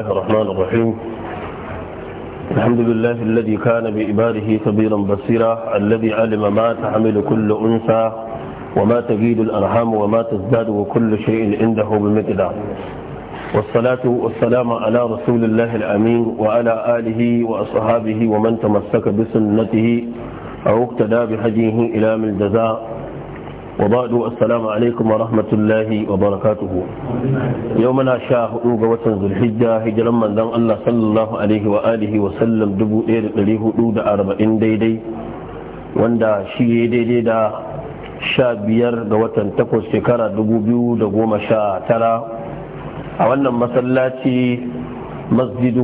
الرحمن الرحيم الحمد لله الذي كان بإباره كبيرا بصيرا الذي علم ما تحمل كل أنثى وما تجيد الأرحام وما تزداد وكل شيء عنده بمقدار والصلاة والسلام على رسول الله الأمين وعلى آله وأصحابه ومن تمسك بسنته أو اقتدى بحجيه إلى من الجزاء وبعد السلام عليكم ورحمة الله وبركاته يومنا شاه أوغا وطن ذو الحجة هجرا من دان الله صلى الله عليه وآله وسلم دبو إير إليه أود إن دي دي واندا شي دي دي دا شا بير دا وطن تكو سكرة دبو بيو دبو قوم ترى أولا مسلاتي مسجد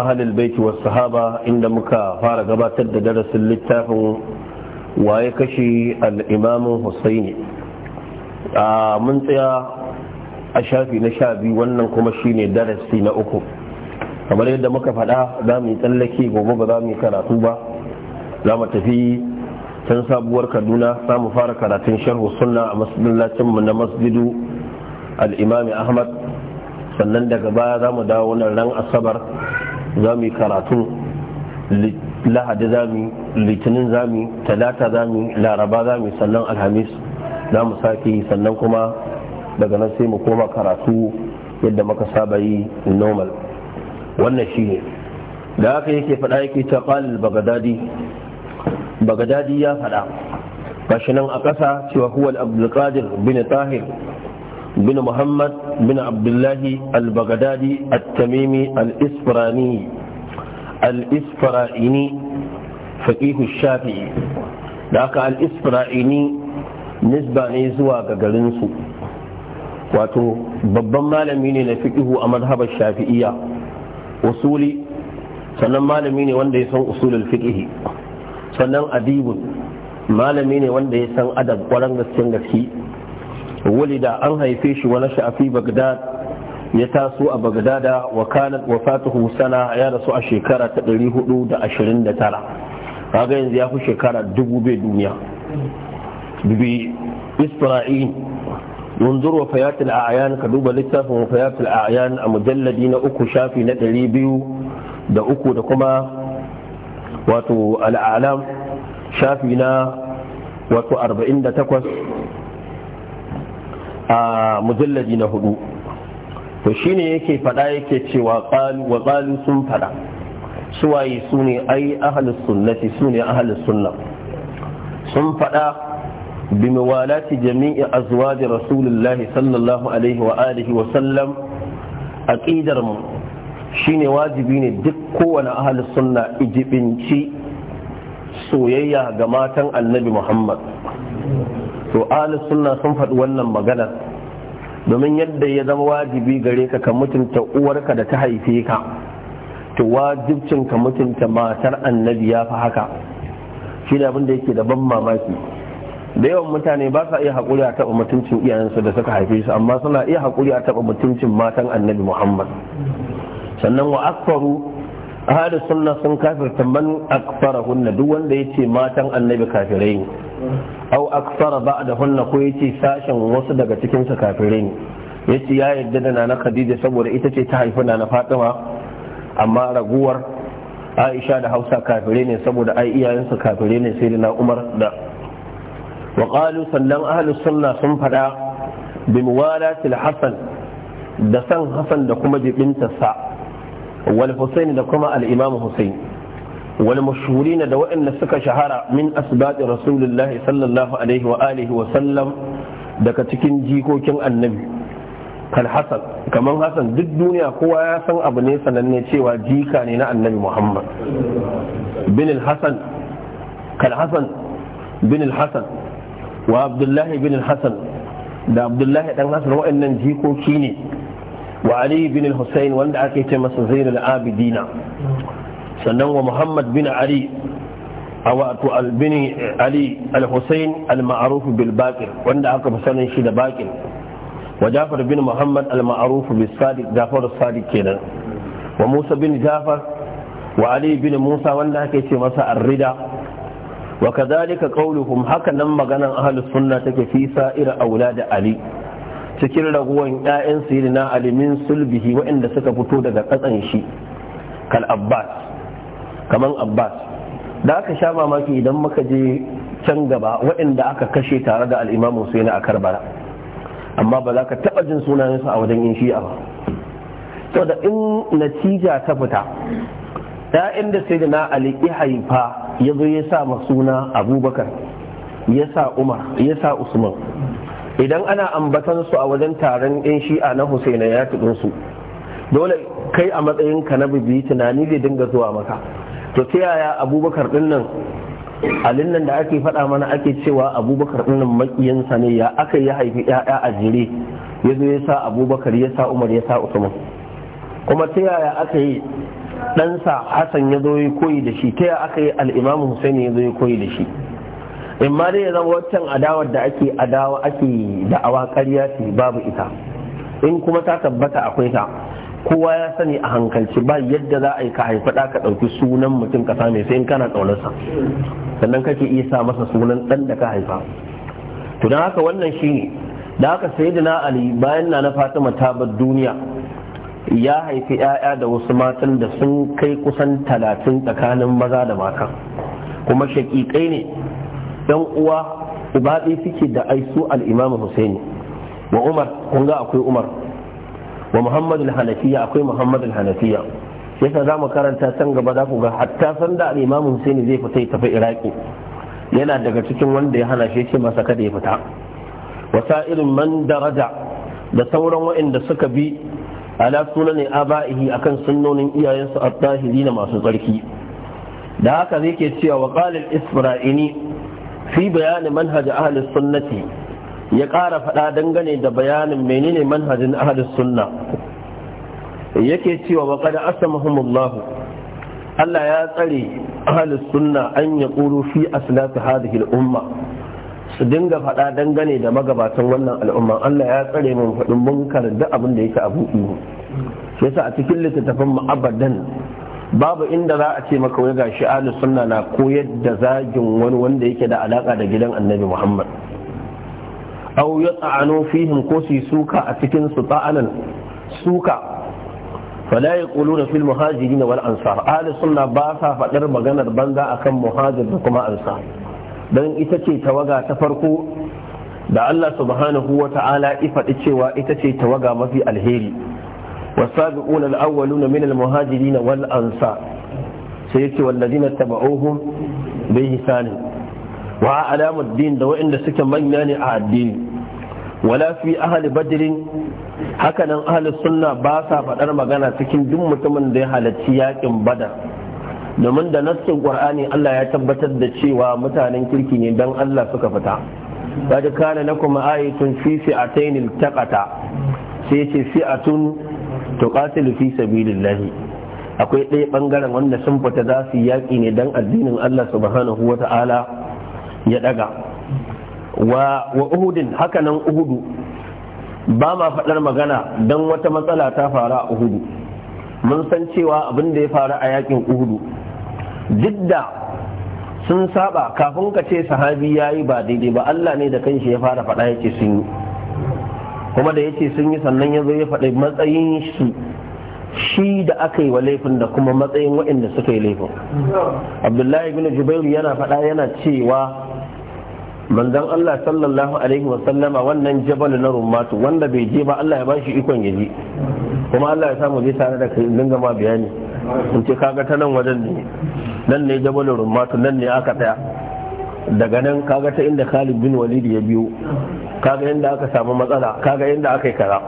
أهل البيت والصحابة عندما كفار قباتد درس اللتاف waye kashe al'imamin husaini a mun tsaya a shafi na sha biyu wannan kuma shine darasi na uku kamar yadda muka faɗa za mu yi tsallake gobe ba za mu yi karatu ba za mu tafi can sabuwar kaduna za mu fara karatun sharhu sunna a masallacin mu na masjidu al'imami ahmad sannan daga baya za mu dawo nan ran asabar za mu yi karatu lahadi za mu litinin zami talata zami laraba zami sannan alhamis za mu sake sannan kuma daga nan sai mu koma karatu yadda muka saba yi normal wannan shi ne da haka yake faɗa yake ta ƙalil bagadadi bagadadi ya faɗa gashi nan a ƙasa cewa huwal abdulkadir bin tahir بن Muhammad, بن Abdullahi, الله البغدادي التميمي الإسفراني الإسفرائيني faƙihu shafi'i da aka al nisba ne zuwa ga garinsu. wato babban malami ne na fiƙihu a madhabar shafi'iyya usuli sannan malami ne wanda ya san usulul fiƙihi. sannan adibun malami ne wanda ya san adab kwaran gaskiyar gaske walida an haife shi wani sha'afi bagdad ya taso a bagdada wa kanat wafatuhu sana ya rasu a shekara ta 429 kaga yanzu ya fi shekara dubu bai duniya dubu isra'il ninzur wa fayat al-a'yan ka duba littafin wa a al-a'yan a mujalladi na uku shafi na dari biyu da uku da kuma wato al'alam shafi na wato arba'in da takwas a mujalladi na hudu to shine yake fada yake cewa wa qalu sun fada suwaye su ne ai ahalus sunnati su ne sunna sun faɗa walaci jami'i azwaji rasulullahi sallallahu alaihi wa alihi wa sallam aqidar mu shine wajibi ne duk kowane ahalus sunna ijibinci soyayya ga matan annabi muhammad to ahalus sunna sun faɗi wannan magana domin yadda ya zama wajibi gare ka ka mutunta uwarka da ta haife ka to wajibcin ka mutunta matar annabi ya fi haka shi da abin da yake da ban mamaki da yawan mutane ba sa iya haƙuri a taɓa mutuncin iyayensu da suka haife su amma suna iya haƙuri a taɓa mutuncin matan annabi muhammad sannan wa akwaru ahalus sunna sun kafirta akfara hunna duk wanda ya ce matan annabi kafirai ne au akfara da hunna ko ya ce sashen wasu daga cikinsu kafirai ne ya ce ya yarda da nana khadija saboda ita ce ta haifi na fatima amma raguwar aisha da hausa kafire ne saboda ai iyayensa kafire ne sai na umar da qalu sannan ahli sunna sun faɗa muwalatil hasan da san hasan da kuma jibinta sa wal husain da kuma al-imam husain wal mashhurina da waɗanda suka shahara min asbaqi rasulullahi sallallahu alaihi wa alihi wa sallam daga cikin jikokin annabi kal hasan kamar hasan duk duniya kowa ya san abu ne sananne cewa jika ne na annabi muhammad bin Hassan hasan bin wa abdullahi bin Hassan da abdullahi dan hasan wa'annan jikoki ne wa ali bin al wanda ake ce masa zainul abidina sannan wa muhammad bin ali wato albini ali al-husayn al-ma'ruf bil baqir wanda aka fi sanin shi da baqir wa jafar bin muhammad al-ma'ruf bi sadiq jafar sadiq kenan wa musa bin jafar wa ali bin musa wanda ake ce masa ar-rida wa kadhalika qawluhum haka nan maganan ahlus sunna take fi sa'ir da ali cikin raguwan ƴaƴan sayyidina ali min sulbihi waɗanda suka fito daga katsan shi kal abbas kaman abbas da aka sha mamaki idan muka je can gaba waɗanda aka kashe tare da al-imam husaini a karbala amma ba za ka taɓa jin sunayensu a wajen yin shi'a ba to da in natija ta fita ‘ya'yan da sai na ali haifa ya zo ya sa suna abubakar ya sa umar ya sa usman idan ana ambatan su a wajen taron yan shi'a na husaina ya su dole kai a matsayin ka na bibi tunani zai dinga zuwa maka to ta yaya abubakar din nan alin nan da ake faɗa mana ake cewa abubakar ɗinnan makiyansa ne ya aka ya haifi ‘ya'ya a jere ya zo ya sa abubakar ya sa umar ya sa usman kuma ta yaya aka yi ɗansa hassan ya zo ya koyi da shi ta yaya aka yi al'imamu husain ya zo ya koyi da shi in ma dai ya zama waccan adawar da ake adawa ake da'awa ƙarya ce babu ita in kuma ta tabbata akwai ta kowa ya sani a hankalci ba yadda za a yi ka haifi ɗa ka ɗauki sunan mutum ka same sai in kana kaunarsa sannan kake iya sa masa sunan ɗan da ka haifa to don haka wannan shi ne da haka sai na ali bayan na na fatima ta bar duniya ya haifi 'ya'ya da wasu matan da sun kai kusan talatin tsakanin maza da mata kuma shakikai ne yan uwa ubaɗi suke da aisu al'imamu husaini wa umar kun ga akwai umar wa muhammad al-hanafiya akwai muhammad al-hanafiya sai ka zamu karanta can gaba za ku ga hatta sanda al-imam husaini zai fita ya tafi iraki yana daga cikin wanda ya hana shi ce masa kada ya fita irin man daraja da sauran waɗanda suka bi ala sunan aba'ihi akan sunnonin iyayensu at-tahiri na masu tsarki da haka zai ke cewa wa qala al-isra'ini fi bayan manhaj ahli sunnati ya ƙara faɗa dangane da bayanin menene manhajin ahadis sunna yake cewa wa qad asamahumullah Allah ya tsare ahadis sunna an yaqulu fi aslati hadhihi al-umma su dinga faɗa dangane da magabatan wannan al'umma Allah ya tsare mun faɗin munkar da abin da yake abu ne yasa a cikin littattafan mu abadan babu inda za a ce maka wai gashi ahlus sunna na koyar da zagin wani wanda yake da alaka da gidan annabi Muhammad aw yata'anu fihim ko su suka a cikin su ta'anan suka fala yaquluna fil muhajirin wal ansar ahli sunna ba sa fadar maganar banza akan muhajir da kuma ansar dan ita ce tawaga ta farko da Allah subhanahu wa ta'ala ifaɗi cewa ita ce tawaga mafi alheri والسابقون الأولون من المهاجرين والأنصار سيأتي والذين اتبعوهم بإحسان وعلام الدين دو إن سكن من يعني الدين wala fi ahli badirin hakanan ahli sunna ba sa faɗar magana cikin duk mutumin da ya halarci yakin badar domin da nassin qur'ani Allah ya tabbatar da cewa mutanen kirki ne dan Allah suka fita قد na لكم آية في فئتين التقتا سيتي فئة تقاتل tuqatilu fi sabilillah akwai ɗaya bangaren wanda sun fita za su yaƙi ne dan addinin Allah subhanahu wa ya ɗaga wa uhudin hakanan uhudu ba ma faɗar magana don wata matsala ta faru a uhudu mun san cewa abin da ya faru a yakin uhudu duk sun saba kafin ka ce sahabi ya yi ba daidai ba Allah ne da kanshi ya fara faɗa ya ce sun yi kuma da ya ce sun yi sannan ya zo ya faɗi matsayin shi shi da aka yi wa laifin da kuma matsayin waɗanda suka yi laifin abdullahi bin jubairu yana faɗa yana cewa manzon Allah sallallahu alaihi wasallama wannan jabal na rumatu wanda bai je ba Allah ya ba shi ikon ya kuma Allah ya samu je tare da kai dinga ma bayani in ce kaga ta nan wajen ne nan ne jabal rumatu nan ne aka tsaya daga nan kaga ta inda Khalid bin Walid ya biyo kaga inda aka samu matsala kaga inda aka yi kaza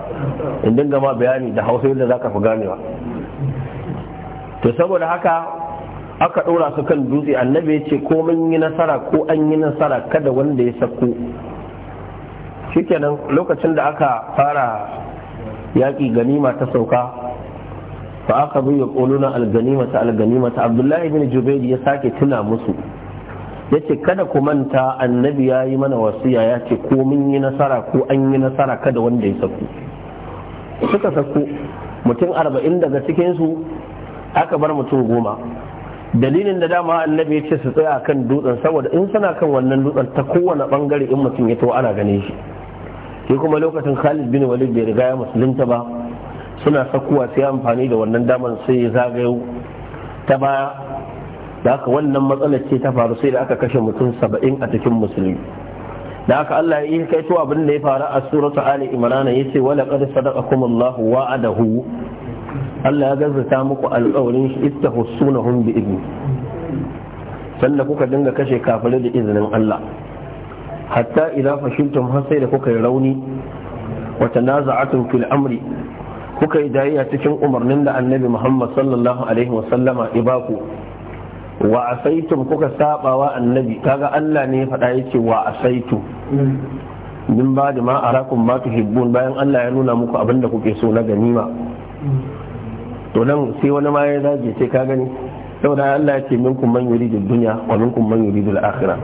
in dinga ma bayani da hausa yadda zaka fi ganewa to saboda haka aka ɗora su kan dutse annabi ya ce ko mun yi nasara ko an yi nasara kada wanda ya sako shikenan lokacin da aka fara yaƙi ganima ta sauka fa aka bi ya ƙoluna alganima ta abdullahi bin jubairu ya sake tuna musu ya ce kada ku manta annabi ya yi mana wasiya ya ce ko mun yi nasara ko an yi nasara kada wanda ya sako suka sako mutum arba'in daga cikinsu aka bar mutum goma dalilin da dama annabi ya ce su tsaya kan dutsen saboda in suna kan wannan dutsen ta kowane bangare in mutum ya to ana gane shi sai kuma lokacin Khalid bin Walid bai riga ya musulunta ba suna sakuwa sai amfani da wannan damar sai ya zagayo ta baya da aka wannan matsalar ce ta faru sai da aka kashe mutum saba'in a cikin musulmi da aka Allah ya kai to abin da ya faru a suratu Ali Imran ya ce wala qad sadaqakum Allahu wa'adahu Allah ya gazzata muku alƙawarin shi istahussunahum bi izni sanda kuka dinga kashe kafare da izinin Allah hatta idza fashiltum har sai da kuka yi rauni wa tanaza'atum fil amri kuka yi dayya cikin umarnin da annabi Muhammad sallallahu alaihi wa ibaku wa asaitum kuka sabawa annabi kaga Allah ne ya faɗa yace wa asaitu min ba da ma arakum ma tuhibbun bayan Allah ya nuna muku abinda kuke so na ganima to nan sai wani ma ya zage sai ka gani saboda Allah ya ce minkum man yuridu dunya wa minkum man yuridu al-akhirah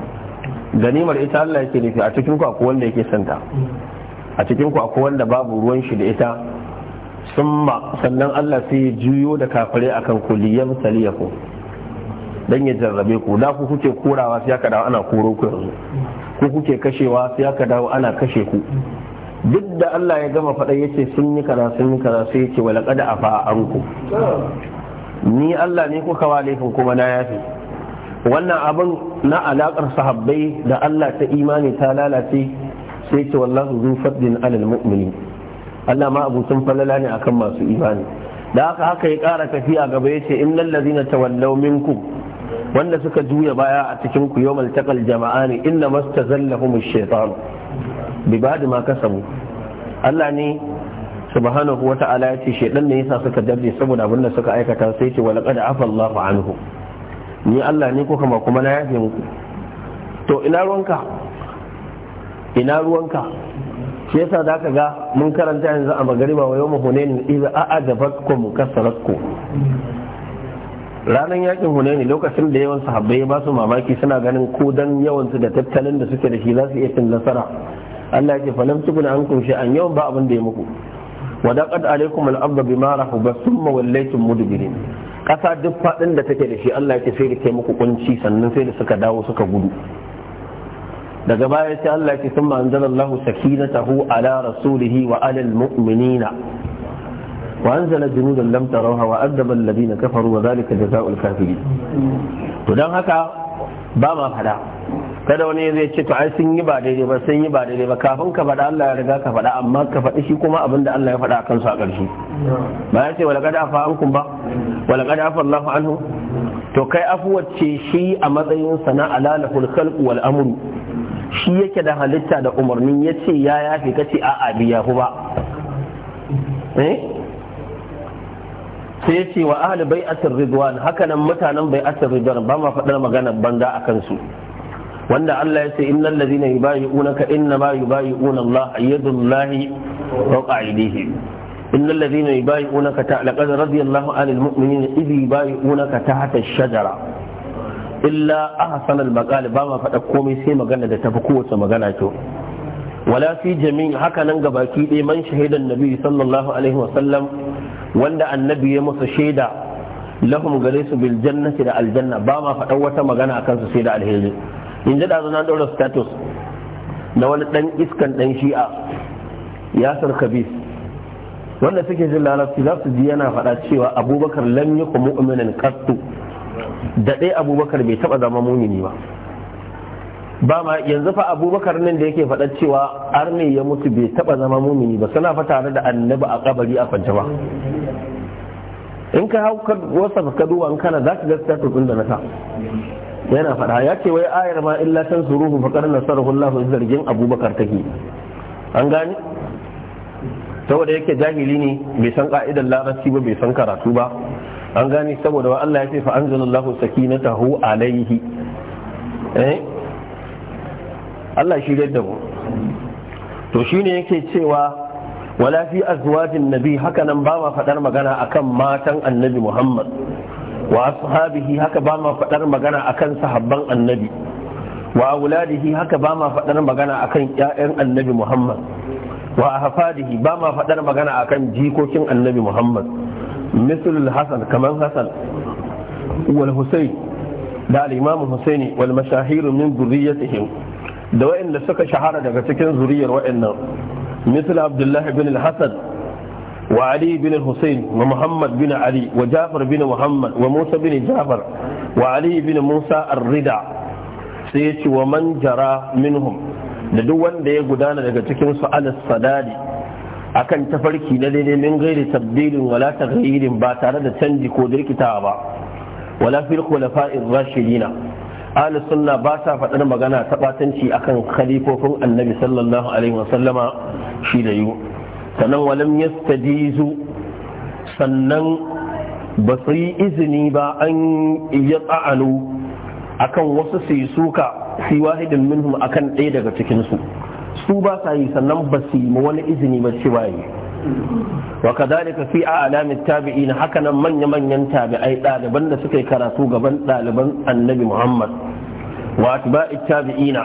ganimar ita Allah yake nufi a cikin ku akwai wanda yake santa a cikin ku akwai wanda babu ruwan shi da ita summa sannan Allah sai ya juyo da kafare akan kulliyam saliyaku dan ya jarrabe ku da ku kuke korawa sai aka dawo ana koro ku yanzu ku kuke kashewa sai aka dawo ana kashe ku duk da Allah ya gama faɗa yace sun yi kaza sun yi kaza sai ce wala kada afa anku ni Allah ne kuka wa laifin kuma na yafi wannan abin na alakar sahabbai da Allah ta imani ta lalace sai ce wallahu zu fadlin alal mu'minin Allah ma abucin falala ne akan masu imani da haka haka ya ƙara tafiya gaba yace innal ladina tawallaw minkum wanda suka juya baya a cikin ku yawmal taqal jama'ani inna mastazallahum ash-shaytan bi ba ma kasabu Allah ne subhanahu wata'ala ya ce shedan ne yasa suka dabbe saboda abin da suka aikata sai ce wala qad afa Allah anhu ni Allah ne ko kuma kuma na yafe muku to ina ruwanka ina ruwanka shi yasa za ka ga mun karanta yanzu a magariba wa yau mahunaini idza a'adabakum ajabatku ranar yakin hunaini lokacin da yawan sahabbai ba su mamaki suna ganin ko dan yawansu da tattalin da suke da shi za su iya cin nasara Allah ya ce falam tukun an kunshi an yawan ba abin da ya muku wadaqat alaikum al-ardu bima rahubat thumma wallaytum mudbirin kasa duk fadin da take da shi Allah ya ce sai da kai muku kunci sannan sai da suka dawo suka gudu daga baya sai Allah ya ce thumma anzalallahu sakinatahu ala rasulihi wa ala al-mu'minina وأنزل جنودا لم تروها وأذب الذين كفروا وذلك جزاء الكافرين. ودان هكا بابا kada wani zai ce to ai sun yi ba daidai ba sun yi ba daidai ba kafin ka faɗa Allah ya riga ka faɗa amma ka faɗi shi kuma abin da Allah ya faɗa akan su a ƙarshe ba ya ce wala kada afa ankum ba wala kada afa Allahu anhu to kai afuwace shi a matsayin sana alalahul khalq wal amru shi yake da halitta da umarnin ya ce ya yafe ka ce a'a biya ku ba eh? sai ce wa ahli bai'atir ridwan nan mutanen bai'atir ridwan ba ma faɗar magana banza akan su wanda Allah ya ce innal ladina yubayi'unaka innama yubayi'una Allah yadullahi fawqa aydihim innal ladina yubayi'unaka ta'laqad radiyallahu 'anil mu'minina idh yubayi'unaka tahta ash-shajara illa ahsana al-maqal ba ma fada komai sai magana da tafi kowace magana to wala fi jami'in haka nan gabaki ɗaya man shahidan nabi sallallahu alaihi wa sallam wanda annabi ya musu shaida lahum gare su bil jannati da aljanna ba ma faɗa wata magana akan su sai da alheri in ji ɗazu na ɗora status na wani ɗan iskan ɗan shi'a yasir kabis wanda suke jin larabci za su ji yana faɗa cewa abubakar lam yi kuma mu'minin kastu da ɗaya abubakar bai taɓa zama mumini ba ba ma yanzu fa abubakar nan da yake faɗa cewa arne ya mutu bai taɓa zama mumini ba suna fa tare da annabi a kabari a kwance ba in ka hau wasa ka duba in kana za ka ga status ɗin da na sa yana faɗa ya ce wai ayar ma illa tan suruhu fa karna sarhu Allah zargin Abubakar take an gane saboda yake jahili ne bai san ka'idar larabci ba bai san karatu ba an gane saboda wa Allah ya ce fa anzalallahu sakinatahu alaihi eh Allah shi da mu to shine yake cewa wala fi azwajin nabi haka nan ba ma faɗar magana akan matan annabi Muhammad wa ashabihi haka ba ma faɗar magana akan sahabban annabi wa auladihi haka ba ma faɗar magana akan ƴaƴan annabi Muhammad wa ahfadihi ba ma faɗar magana akan jikokin annabi Muhammad mislul Hasan kaman Hasan wal Husayn da al-Imam wal mashahir min dhurriyyatihim da waɗanda suka shahara daga cikin zuriyar waɗannan. misal Abdullahi ibn al-Hasan وعلي بن الحسين ومحمد بن علي وجعفر بن محمد وموسى بن جعفر وعلي بن موسى الردع سيتي ومن جرى منهم da duk wanda ya gudana daga cikin su alas akan tafarki na daidai min gairi tabbilin wala taghyirin ba tare da canji ko dirkitawa ba wala fil khulafa'ir rashidina ahlus sunna ba sa faɗar magana ta batanci akan khalifofin annabi sallallahu alaihi wasallama shi da yu sannan walam yastajizu sannan ba su yi izini ba an ya tsa'anu akan wasu su yi suka fi wahidin minhum akan ɗaya daga cikinsu su ba sa yi sannan ba su yi wani izini ba cewa yi wa kadhalika fi a'lamin tabi'in nan manya manyan tabi'ai daliban da suka yi karatu gaban daliban annabi Muhammad wa atba'it tabi'ina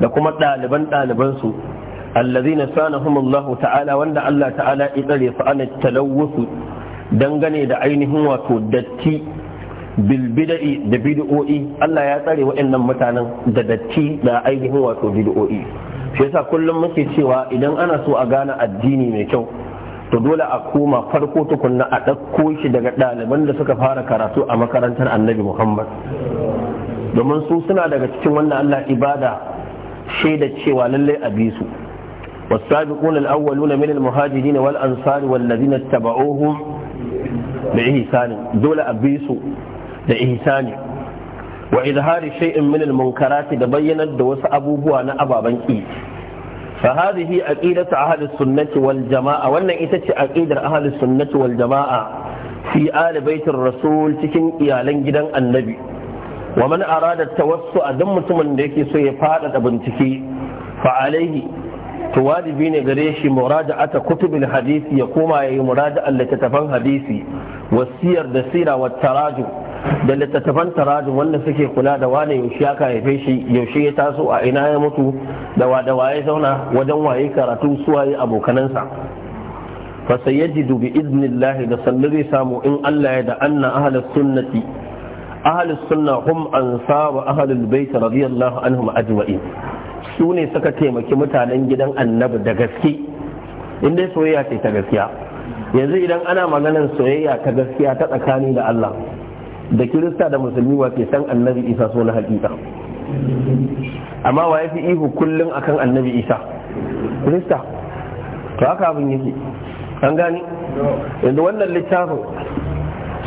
da kuma daliban daliban su allazina sanahum Allah ta'ala wanda Allah ta'ala ya tsare su ana talawusu dangane da ainihin wato datti bil da bid'o'i Allah ya tsare waɗannan mutanen da datti da ainihin wato bid'o'i shi yasa kullum muke cewa idan ana so a gane addini mai kyau to dole a koma farko tukunna a ɗauko shi daga ɗaliban da suka fara karatu a makarantar annabi muhammad domin su suna daga cikin wannan allah ibada shaida cewa lallai a bi su والسابقون الأولون من المهاجرين والأنصار والذين اتبعوهم بإحسان دول أبيسوا بإحسان وإظهار شيء من المنكرات تبينت دوس أبوه أنا أبا بنكي فهذه عقيدة أهل السنة والجماعة وأن إتت عقيدة أهل السنة والجماعة في آل بيت الرسول تكن إيالين جدا النبي ومن أراد التوسع دم من ديكي سيفادة بنتكي فعليه to wajibi ne gare shi ata kutubil hadisi ya koma ya yi muraja'ar littattafan hadisi wasiyar da sira wa taraju da littattafan taraju wanda suke kula da wane yaushe aka haife shi yaushe ya taso a ina ya mutu da wada waye zauna wajen waye karatu suwaye abokanansa fa sayyajidu bi idnillahi da sallu zai samu in Allah ya da anna ahlus sunnati ahli sunna hum ansaru ahli albayt radiyallahu anhum ajma'in su ne suka taimaki mutanen gidan annabi da gaske in dai soyayya ce ta gaskiya yanzu idan ana maganar soyayya ta gaskiya ta tsakani da Allah da kirista da musulmi wa ke san annabi isa so na hakika amma wa yafi ihu kullum akan annabi isa kirista to haka abin yake an gani yanzu wannan littafin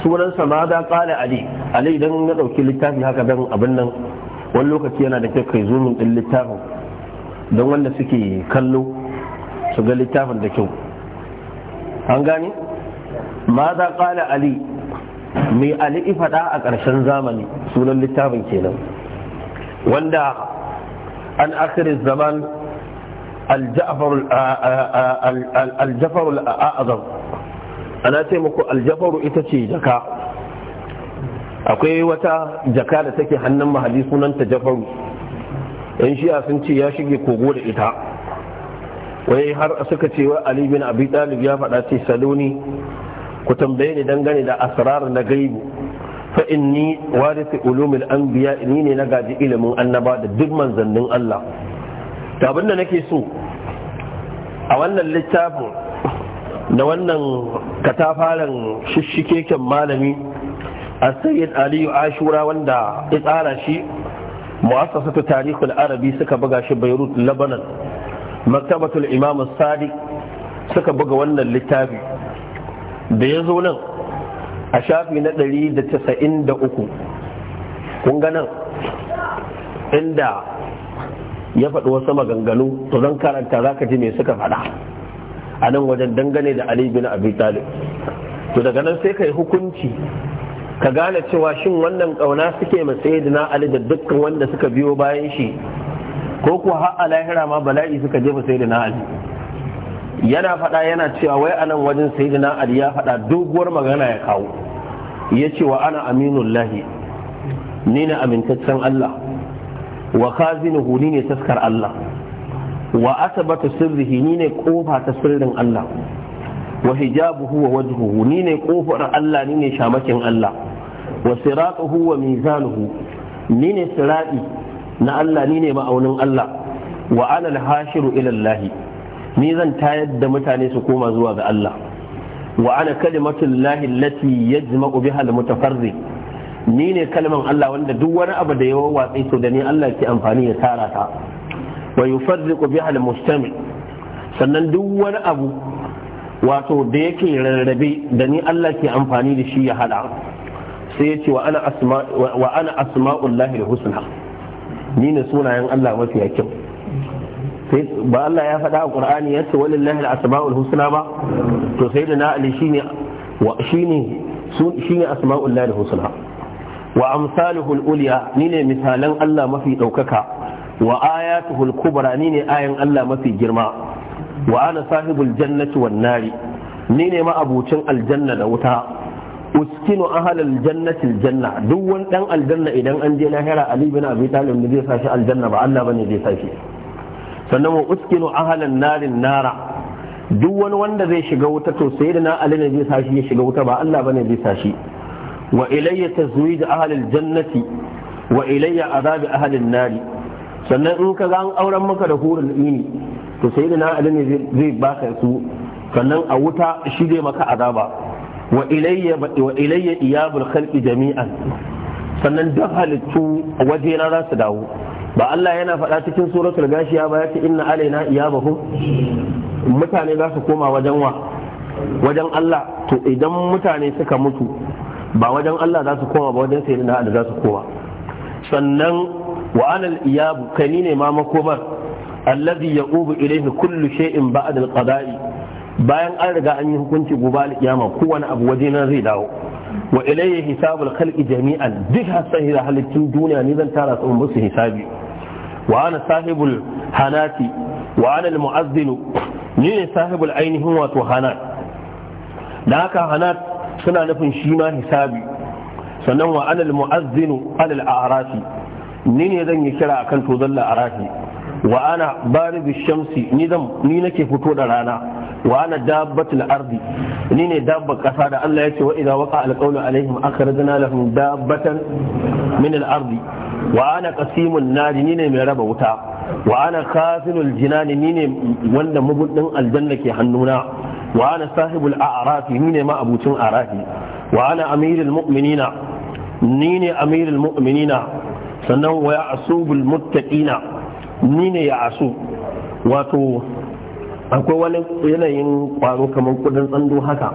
sunansa ma da kala ali ali idan na ɗauki littafi haka don abin nan wani lokaci yana da kyau kai zumin ɗin littafin don wanda suke kallo su ga littafin da kyau an gane ma za ƙala ali mai ali faɗa a ƙarshen zamani sunan littafin kenan wanda an akirin zaman aljafarul a'azam ana ce muku aljafaru ita ce jaka akwai wata jaka da take hannun mahali sunanta jafaru yan shi'a sun ce ya shige kogo da ita wai har suka ce wa ali bin abi talib ya faɗa ce saloni ku tambaye ni dangane da asrar na gaibu fa inni warithu ulumil anbiya ni ne na gaji ilimin annaba da duk manzannin Allah to abin da nake so a wannan littafin da wannan katafaren shishike malami السيد علي عاشورا وندا اتعالى شيء مؤسسة تاريخ العربي سكا بغا بيروت لبنان مكتبة الإمام الصادق سكا بغا وندا للتابي بيزونا أشاف من دا تسعين دا أكو كنغانا عند ya faɗi wasu maganganu to zan karanta za ka ji me suka faɗa a nan wajen dangane da Ali bin Abi ka gane cewa shin wannan ƙauna suke matsayi na ali da dukkan wanda suka biyo bayan shi ko kuwa har a lahira ma bala'i suka je matsayi da na ali yana faɗa yana cewa wai anan wajen sayi na ali ya faɗa doguwar magana ya kawo ya ce wa ana Lahi? ni na amintaccen allah wa kazini huni ne taskar allah wa asabata sirrihi ni ne kofa ta sirrin allah wa hijabuhu wa wajhuhu ni ne kofar Allah ni ne shamakin Allah wa siratuhu wa mizanuhu ni ne sirati na Allah ni ne ma'aunin Allah wa ana al-hashiru ila Allah ni zan tayar da mutane su koma zuwa ga Allah wa ana kalimatul lahi allati yajma'u biha al-mutafarriq ni ne kalman Allah wanda duk wani abu da ya watsi to da ni Allah ke amfani ya tara ta wa yufarriqu biha al-mustami sannan duk wani abu wato da yake rarrabe da ni Allah ke amfani da shi ya haɗa. sai ya ce wa ana Asma'ul wa ana husna ni ne sunayen Allah mafi kyau sai ba Allah ya faɗa a Qur'ani ya ce walillahi al-asma'ul husna ba to sai da na Ali shine wa shine shine asma'ullahi husna wa amsaluhul uliya ni ne misalan Allah mafi ɗaukaka wa ayatuhul kubra ni ne ayan Allah mafi girma wa ana sahibul jannati wan nari ni ne ma abucin aljanna da wuta uskinu ahalal jannati janna duk wani dan aljanna idan an je lahira ali bin abi talib ne zai sashi aljanna ba Allah bane zai sashi sannan wa uskinu ahalan narin nara duk wani wanda zai shiga wuta to sayyidina na ali ne zai sashi ya shiga wuta ba Allah bane zai sashi wa ilayya tazwij ahalil jannati wa ilayya azabi ahalin nari sannan in ka ga an auren maka da hurul ini to sayyidina na ali ne zai baka su sannan a wuta shi zai maka azaba wa ilayya wa ilayya iyabul khalqi jami'an sannan duk halittu waje na za su dawo ba Allah yana faɗa cikin suratul gashiya ba yace inna alaina iyabahu mutane za su koma wajen wa wajen Allah to idan mutane suka mutu ba wajen Allah za su koma ba wajen sai da za su kowa? sannan wa anal iyabu kani ne ma makobar alladhi yaqubu ilayhi kullu shay'in ba'da al-qada'i bayan an riga an yi hukunci gobe alkiyama kowane abu waje nan zai dawo wa ilayya hisabul khalqi jami'an duk hasan da halittun duniya ne zan tara su musu hisabi wa ana sahibul hanati wa ana al mu'azzin ni ne sahibul ainihin wato hanat da haka hanat suna nufin shi ma hisabi sannan wa ana al mu'azzin ala a'rafi ni ne zan yi kira akan tozalla arafi wa ana baridu shamsi ni zan ni nake fito da rana wa ana dabbatul ardi ni ne dabbar kasa da Allah ya ce wa idza waqa alqawlu alaihim akhrajna lahum dabbatan min al-ardi wa ana qasimun nari ni ne mai raba wuta wa ana khazinul jinani ni ne wanda mabudin aljanna ke hannuna wa ana sahibul a'rafi ni ne ma abucin arafi wa ana amirul mu'minina ni ne amirul mu'minina sannan wa ya asubul muttaqina ni ne ya asu wato akwai wani yanayin kwaro kamar kudin tsando haka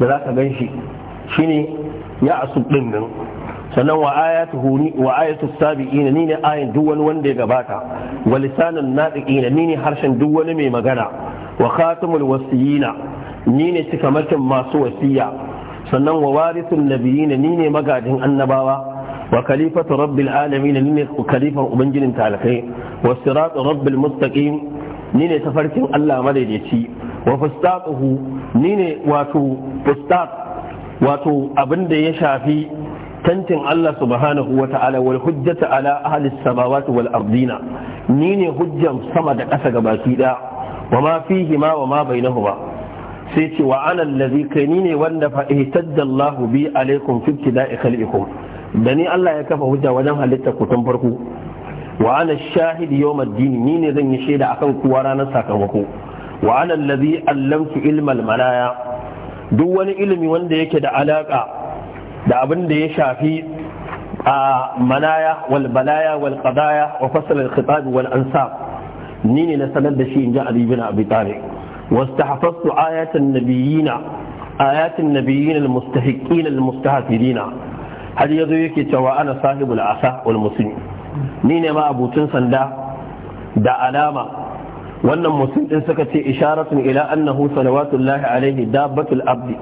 da za ka gan shi shine ya asu ɗin nan sannan wa ayatuhu ni wa ayatu sabiina ni ne ayin duk wani wanda ya gabata wa lisanun natiqina ni ne harshen duk wani mai magana wa khatimul wasiyina ni ne cikamakin masu wasiya sannan wa warithun nabiyina ni ne magadin annabawa wa khalifatu rabbil alamin ni ne khalifan ubangijin talakai wa siratu rabbil mustaqim ni ne tafarkin Allah madaidaici wa fustaquhu ni ne wato fustaq wato abin da ya shafi tantin Allah subhanahu wa ta'ala wal hujjata ala ahli samawati wal ardina ni ne hujjan sama da ƙasa gabaki da wa ma fihi ma wa ma bainahuma sai ce wa ana allazi kai ni ne wanda fa ihtadda Allah bi alaikum fi ibtida'i khalqikum da ni Allah ya kafa hujja wajen halitta ku tun farko wa ana shahid yawmal din ni zan yi shaida akan kowa ranar sakamako wa ana allazi allamtu ilmal manaya duk wani ilimi wanda yake da alaka da abinda ya shafi a manaya wal balaya wa fasl al wal ansa ni na sanar da shi inji ali bin abi talib واستحفظت آيات النبيين آيات النبيين المستحقين المستهترين هل يذيك وأنا صاحب العصا والمسلم ni ne ma abutun sanda da alama wannan mutum din suka ce isharatun ila annahu salawatullahi alaihi dabbatul abdi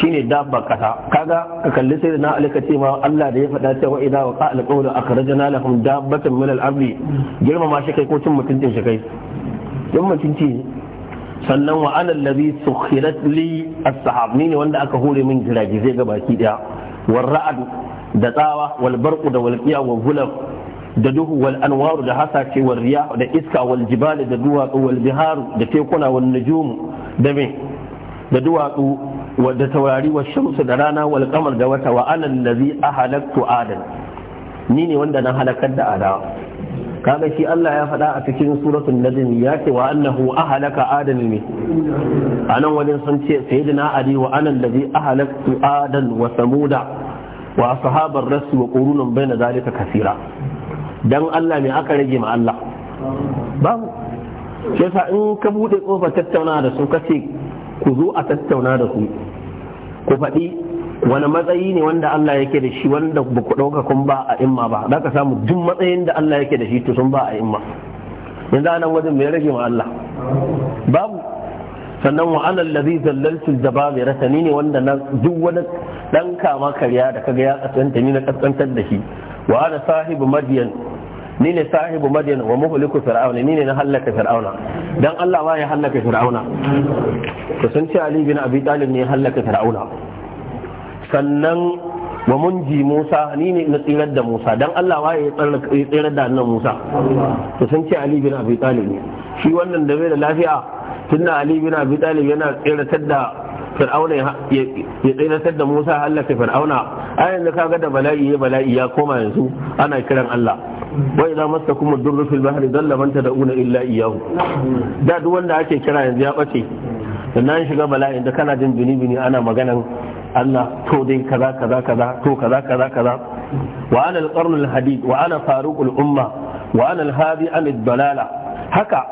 shine dabba kasa kaga ka kalli sai na alika ce ma Allah da ya fada faɗa wa idza qala qawlu akhrajna lahum dabbatan min al-ardi girmama shi kai ko cin mutuncin shi kai don mutunci sannan wa ana allazi sukhirat li as ne wanda aka hore min jiragi zai ga baki daya warra'ad da tsawa wal barqu da walqiya wa hulab da duhu wal anwaru da hasashe wal riya da iska wal jibali da duwatsu wal biharu da tekuna wal nujum da me da duwatsu da taurari wa shamsu da rana wal qamar da wata wa ana a halaktu adam ni ne wanda na halakar da adawa kaga shi Allah ya faɗa a cikin suratul najm ya ce wa annahu ahlaka adam ne anan wajen sun ce sayyidina ali wa anan allazi ahlaktu adam wa samuda wa sahabar rasu wa ƙorunan bai na zalika kasira don Allah mai aka rage ma Allah babu shi yasa in ka bude kofa tattauna da su kace ku zo a tattauna da su ku faɗi wani matsayi ne wanda Allah yake da shi wanda ba ku ɗauka kun ba a imma ba za ka samu duk matsayin da Allah yake da shi to sun ba a imma yanzu a nan wajen mai rage ma Allah babu sannan wa alal ladhi zallaltu zababira tani ne wanda na duk wani dan kama karya da kaga ya kasanta ni na kaskantar da shi wa ana sahibu madiyan ni ne sahibu madiyan wa muhliku fir'auna ni ne na hallaka fir'auna dan Allah ma ya hallaka fir'auna to sun ce ali bin abi talib ne ya hallaka fir'auna sannan wa munji Musa ni ne na tsirar da Musa dan Allah waye ya tsirar da annan Musa to sun ce Ali bin Abi Talib ne shi wannan da bai da lafiya tunda Ali bin Abi Talib yana tsiratar da Fir'auna ya tsiratar da Musa Allah ta Fir'auna a yanzu kaga da bala'i ya bala'i ya koma yanzu ana kiran Allah wa idza masakum ad-durru fil bahri dalla man tad'una illa iyyahu da duk wanda ake kira yanzu ya bace sannan shiga bala'in da kana jin bini bini ana maganan Allah to dai kaza kaza kaza to kaza kaza kaza wa ana al-qarn al-hadid wa ana faruq al-umma wa ana al-hadi an ad-dalala haka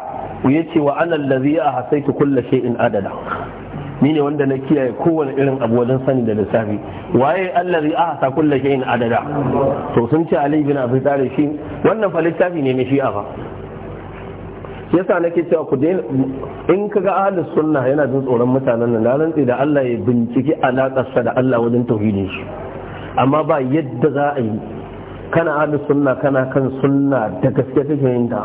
yace wa ana allazi ahsaitu kulli shay'in adada ni ne wanda na kiyaye kowane irin abu wajen sani da lissafi waye allazi ahsa kulli shay'in adada to sun ce ali bin abi talib shi wannan fa littafi ne shi a fa yasa nake cewa ku dai in kaga ahlus sunna yana jin tsoron mutanen nan lalance da Allah ya binciki alakarsa da Allah wajen tauhidin shi amma ba yadda za a yi kana ahlus sunna kana kan sunna da gaske take yin ta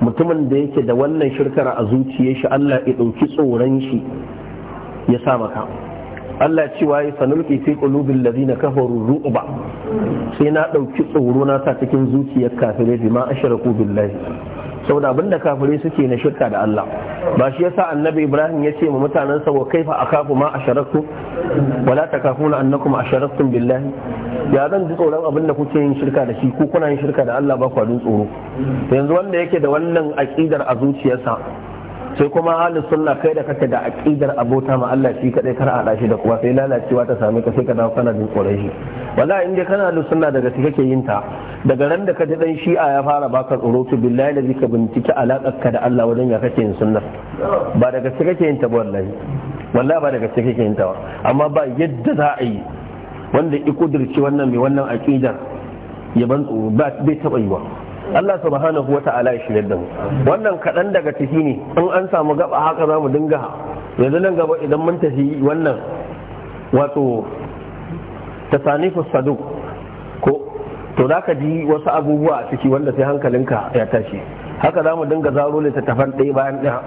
mutumin da yake da wannan shirkar a zuciyar shi Allah ya dauki tsoron shi ya sa maka Allah ya cewa ya sanulki fi qulubil ladina kafaru ru'ba sai na dauki tsoro na sa cikin zuciyar kafirai bima ashraku billahi saboda da kafiri suke na shirka da Allah ba shi yasa annabi Ibrahim ya ce ma sa wa kaifa akafu ma asharaktu wala takafuna annakum asharaktum billahi ya zan ji tsoron abin da kuke yin shirka da shi ko kuna yin shirka da Allah ba ku tsoro yanzu wanda yake da wannan aqidar a zuciyarsa sai kuma halin sunna kai da kake da aqidar abota ma Allah shi kadai kar a shi da kuma sai lalacewa ta same ka sai ka dawo kana jin tsoron shi wallahi inda kana halin sunna daga shi kake yin daga ran da ka ji dan shi'a ya fara baka tsoro to billahi da zika bincike alaƙar ka da Allah wajen ya kake yin sunna ba daga shi kake yin ta ba wallahi wallahi ba daga shi kake yin ba amma ba yadda za a yi wanda ikudirci wannan mai wannan aqidar ya ban tsoro ba bai taba yi ba Allah subhanahu wa ta'ala ya shirya da mu wannan kaɗan daga ciki ne in an samu gaba haka za mu dinga yanzu nan gaba idan mun tafi wannan wato tasanifu saduk ko to za ka ji wasu abubuwa a ciki wanda sai hankalinka ya tashi haka za mu dinga zaro littattafan ɗaya bayan ɗaya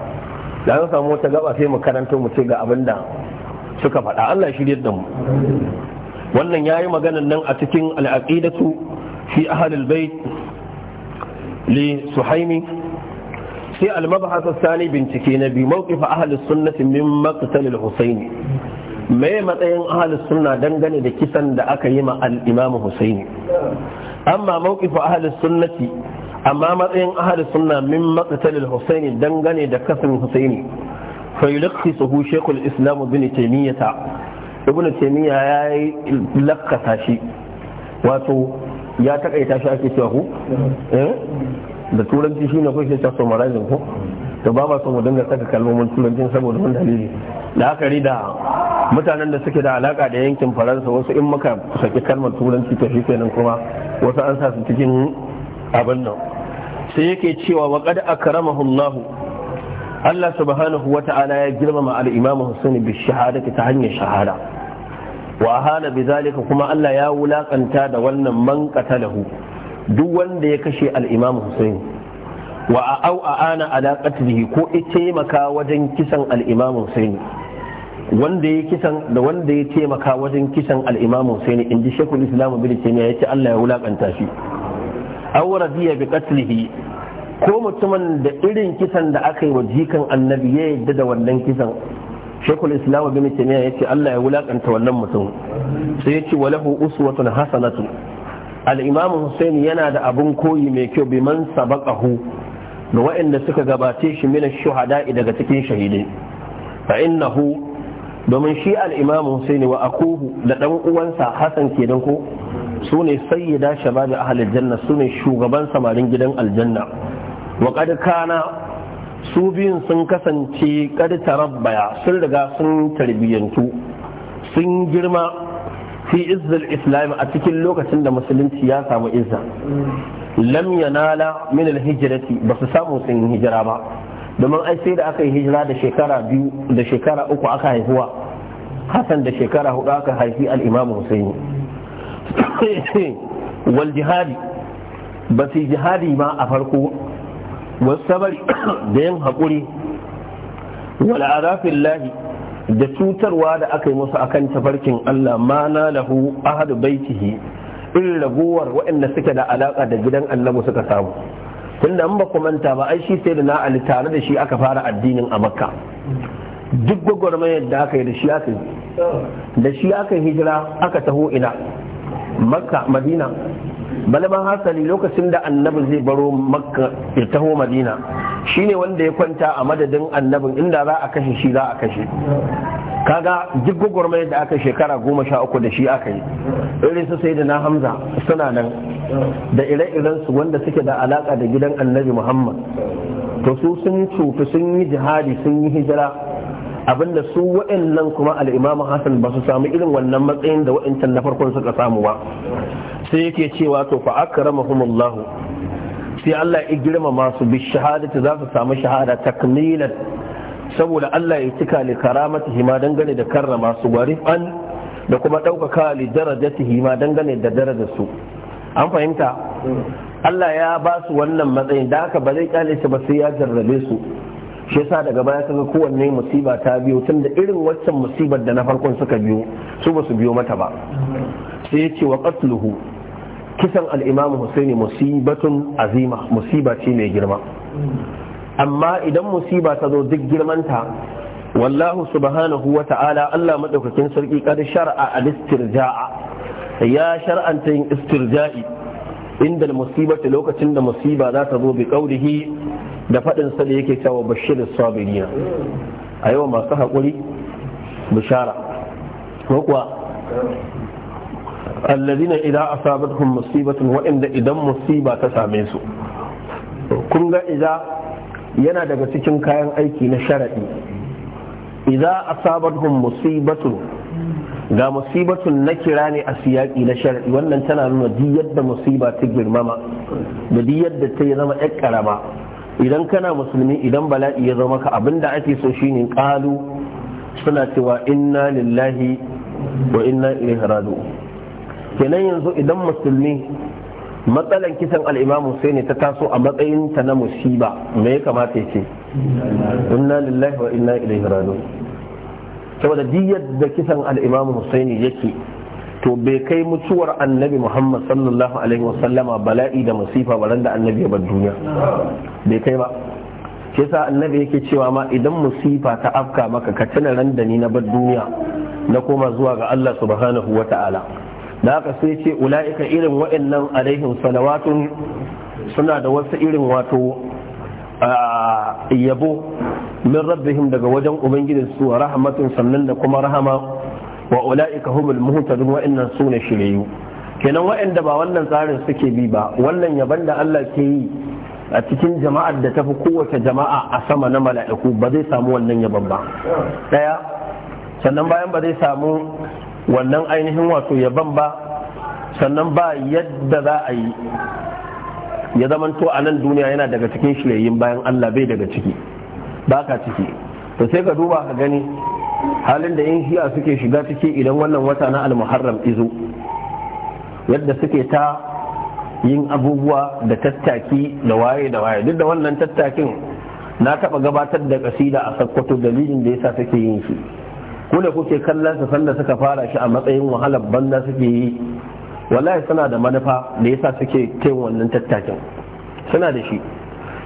da an samu wata gaba sai mu karanta mu ce ga abin da suka faɗa Allah ya shirya da mu wannan yayi maganan nan a cikin al'aqidatu fi ahlul bait li suhaimi sai al Sani bincike na biyu mawqif ahli sunnati min maqtal al-husaini me matsayin ahli sunna dangane da kisan da aka yi ma al-imam husaini amma mawqif ahli sunnati amma matsayin ahli sunna min maqtal al-husaini dangane da kasan husaini fa yulqisuhu shaykh al-islam yayi lakkasa shi ya takaita shi ake cewa ku eh? da turanci shi ne kuke cewa summarizing ku? to ba ba so mu dinga saka kalmomin turancin saboda wani dalili la'akari da mutanen da suke da alaka da yankin faransa wasu in muka saki kalmar turanci ta shi kenan kuma wasu an sa su cikin abin nan sai yake cewa wa qad akramahu Allah Allah subhanahu wata'ala ya girmama al-Imam Hussein bi shahadati ta hanyar shahada wa hana bizalika kuma Allah ya wulakanta da wannan man qatalahu duk wanda ya kashe al-Imam Hussein wa au ana ala ko ya taimaka wajen kisan al-Imam Hussein wanda ya kisan da wanda ya taimaka wajen kisan al-Imam Hussein inji Sheikhul Islam Ibn Taymiyyah yace Allah ya wulakanta shi aw radiya bi qatlihi ko mutumin da irin kisan da aka yi wa jikan annabi ya yadda da wannan kisan shekul islam bin kimiyya yace Allah ya wulakanta wannan mutum sai yace walahu uswatun hasanatu al-imam Hussein yana da abun koyi mai kyau bi man sabaqahu da waɗanda suka gabace shi min shuhada daga cikin shahidai fa innahu domin shi al-imam Hussein wa akuhu da dan uwansa Hassan kenan ko Sune ne sayyida shabab ahli janna Sune shugaban samarin gidan aljanna wa kad kana su biyun sun kasance kad tarabbaya sun riga sun tarbiyyantu sun girma fi izal islam a cikin lokacin da musulunci ya samu izza lam yanala min alhijrati ba su samu sun hijira ba domin ai sai da aka yi hijira da shekara biyu da shekara uku aka haihuwa hasan da shekara hudu aka haifi al husaini wal jihadi ba su jihadi ma a farko wasabari da yin haƙuri wal arafin da cutarwa da aka yi musu a kan tafarkin Allah ma na lahu ahadu baitihi in raguwar waɗanda suke da alaƙa da gidan annabi suka samu tunda in ba ku manta ba ai shi sai da na ali tare da shi aka fara addinin a makka duk gwagwarmayar da aka yi da shi aka da shi aka hijira aka taho ina makka madina balaban hasali lokacin da annabi zai baro makka ya taho madina shine wanda ya kwanta a madadin annabin inda za a kashe shi za a kashe kaga duk mai da aka shekara goma sha uku da shi aka yi irin su sai da na hamza suna nan da ire-iren su wanda suke da alaka da gidan annabi muhammad to su sun cufi sun yi jihadi sun yi hijira abinda su waɗannan kuma al'imamu hassan ba su samu irin wannan matsayin da waɗancan na farkon suka samu ba sai yake cewa to fa akramahumullahu sai Allah ya girma masu bi shahadati za su samu shahada takmilan saboda Allah ya cika li karamati hima dangane da karrama su an da kuma ɗaukaka li darajati hima dangane da darajar su an fahimta mm. Allah ya ba su wannan matsayin da haka ba zai kyale shi ba sai ya jarrabe su shi yasa daga baya kaga kowanne musiba ta biyo tun da irin waccan musibar da na farkon suka biyo su ba su biyo mata ba sai yace wa qatluhu kisan al-imam Husaini musibatun azima musiba ce mai girma amma idan musiba ta zo duk ta, wallahu subhanahu wa ta'ala Allah madaukakin sarki kada shar'a al-istirja'a ya shar'anta yin istirja'i inda musibata lokacin da musiba za ta zo bi qaulihi da faɗin sa da yake cewa bashir sabirina a yau masu haƙuri bishara ko kuwa alladina idan asabatuhum musibatun waɗanda idan musiba ta same su kun ga idan yana daga cikin kayan aiki na sharaɗi idan asabatuhum musibatun ga musibatun na kira ne a siyaƙi na sharaɗi wannan tana nuna duk da musiba ta girmama da duk yadda ta zama ƙarama idan kana musulmi idan bala'i ya zama ka abinda ake so shine kalu suna cewa inna lillahi wa inna ilaihi raji'un kenan yanzu idan musulmi matsalan kisan sai ne ta taso a matsayin ta na musiba me ya kamata ya ce inna lillahi wa inna ilaihi raji'un saboda diyyar da kisan al-imam Husaini yake to bai kai mutuwar annabi muhammad sallallahu alaihi wasallama bala'i da masifa baran da annabi bar duniya bai kai ba shi yasa annabi yake cewa ma idan musifa ta afka maka ka tana ran da na bar duniya na koma zuwa ga Allah subhanahu wa ta'ala da haka sai ce ula'ika irin wa'annan alaihim salawatun suna da wasu irin wato yabo min rabbihim daga wajen ubangijinsu su rahmatun sannan da kuma rahama wa ula'ika humul muhtadun wa innan sune shiriyu kenan wa'anda ba wannan tsarin suke bi ba wannan yaban da Allah ke yi a cikin jama'ar da tafi kowace jama'a a sama na mala'iku ba zai samu wannan yaban ba daya sannan bayan ba zai samu wannan ainihin wato yaban ba sannan ba yadda za a yi ya zamanto a nan duniya yana daga cikin shiryayyun bayan Allah bai daga ciki ba ciki to sai ka duba ka gani halin da yin shi'a suke shiga ciki idan wannan wata na almuharram izo yadda suke ta yin abubuwa da tattaki da waye da waye duk da wannan tattakin na taɓa gabatar da kasida a sakkwato dalilin da yasa suke yin shi ku da kuke kallon su sanda suka fara shi a matsayin wahalar banda suke yi wallahi suna da manufa da yasa suke kai wannan tattakin suna da shi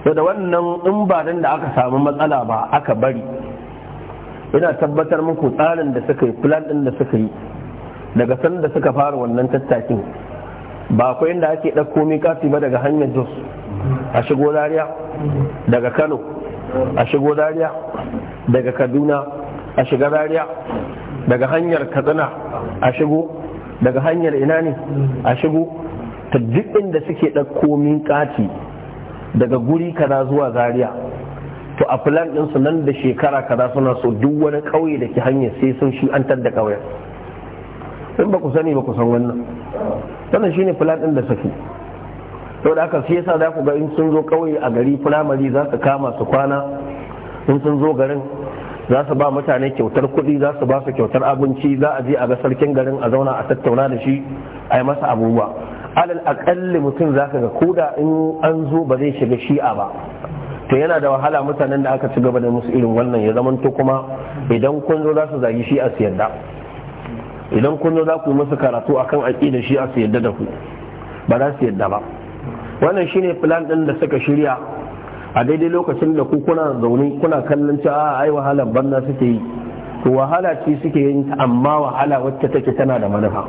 da wannan in ba da aka samu matsala ba aka bari ina tabbatar muku tsarin da suka yi plan din da suka yi daga san da suka fara wannan tattakin ba akwai inda ake ɗauko miƙafi ba daga hanyar jos a shigo dariya daga kano a shigo dariya daga kaduna a shiga dariya daga hanyar katsina a shigo daga hanyar ina ne a shigo ta duk inda suke ɗauko miƙafi daga guri kaza zuwa zaria to a plan su nan da shekara kaza suna so duk wani ƙauye da ke hanyar sai sun shi an tadda ƙauyen in ba ku sani ba ku san wannan wannan shine plan ɗin da suke to da aka sai yasa za ku ga in sun zo ƙauye a gari firamare za su kama su kwana in sun zo garin za su ba mutane kyautar kuɗi za su ba su kyautar abinci za a je a ga sarkin garin a zauna a tattauna da shi a yi masa abubuwa alal akalli mutum za ka ga koda in an zo ba zai shiga shi'a ba to yana da wahala mutanen da aka ci gaba da musu irin wannan ya to kuma idan kun zo za su zagi shi a siyarda idan kun zo za ku musu karatu akan aqida shi a siyarda da ku ba za su yadda ba wannan shine plan din da suka shirya a daidai lokacin da ku kuna zaune kuna kallon ta a ai wahalar banna suke yi to wahala ce suke yin ta amma wahala wacce take tana da manufa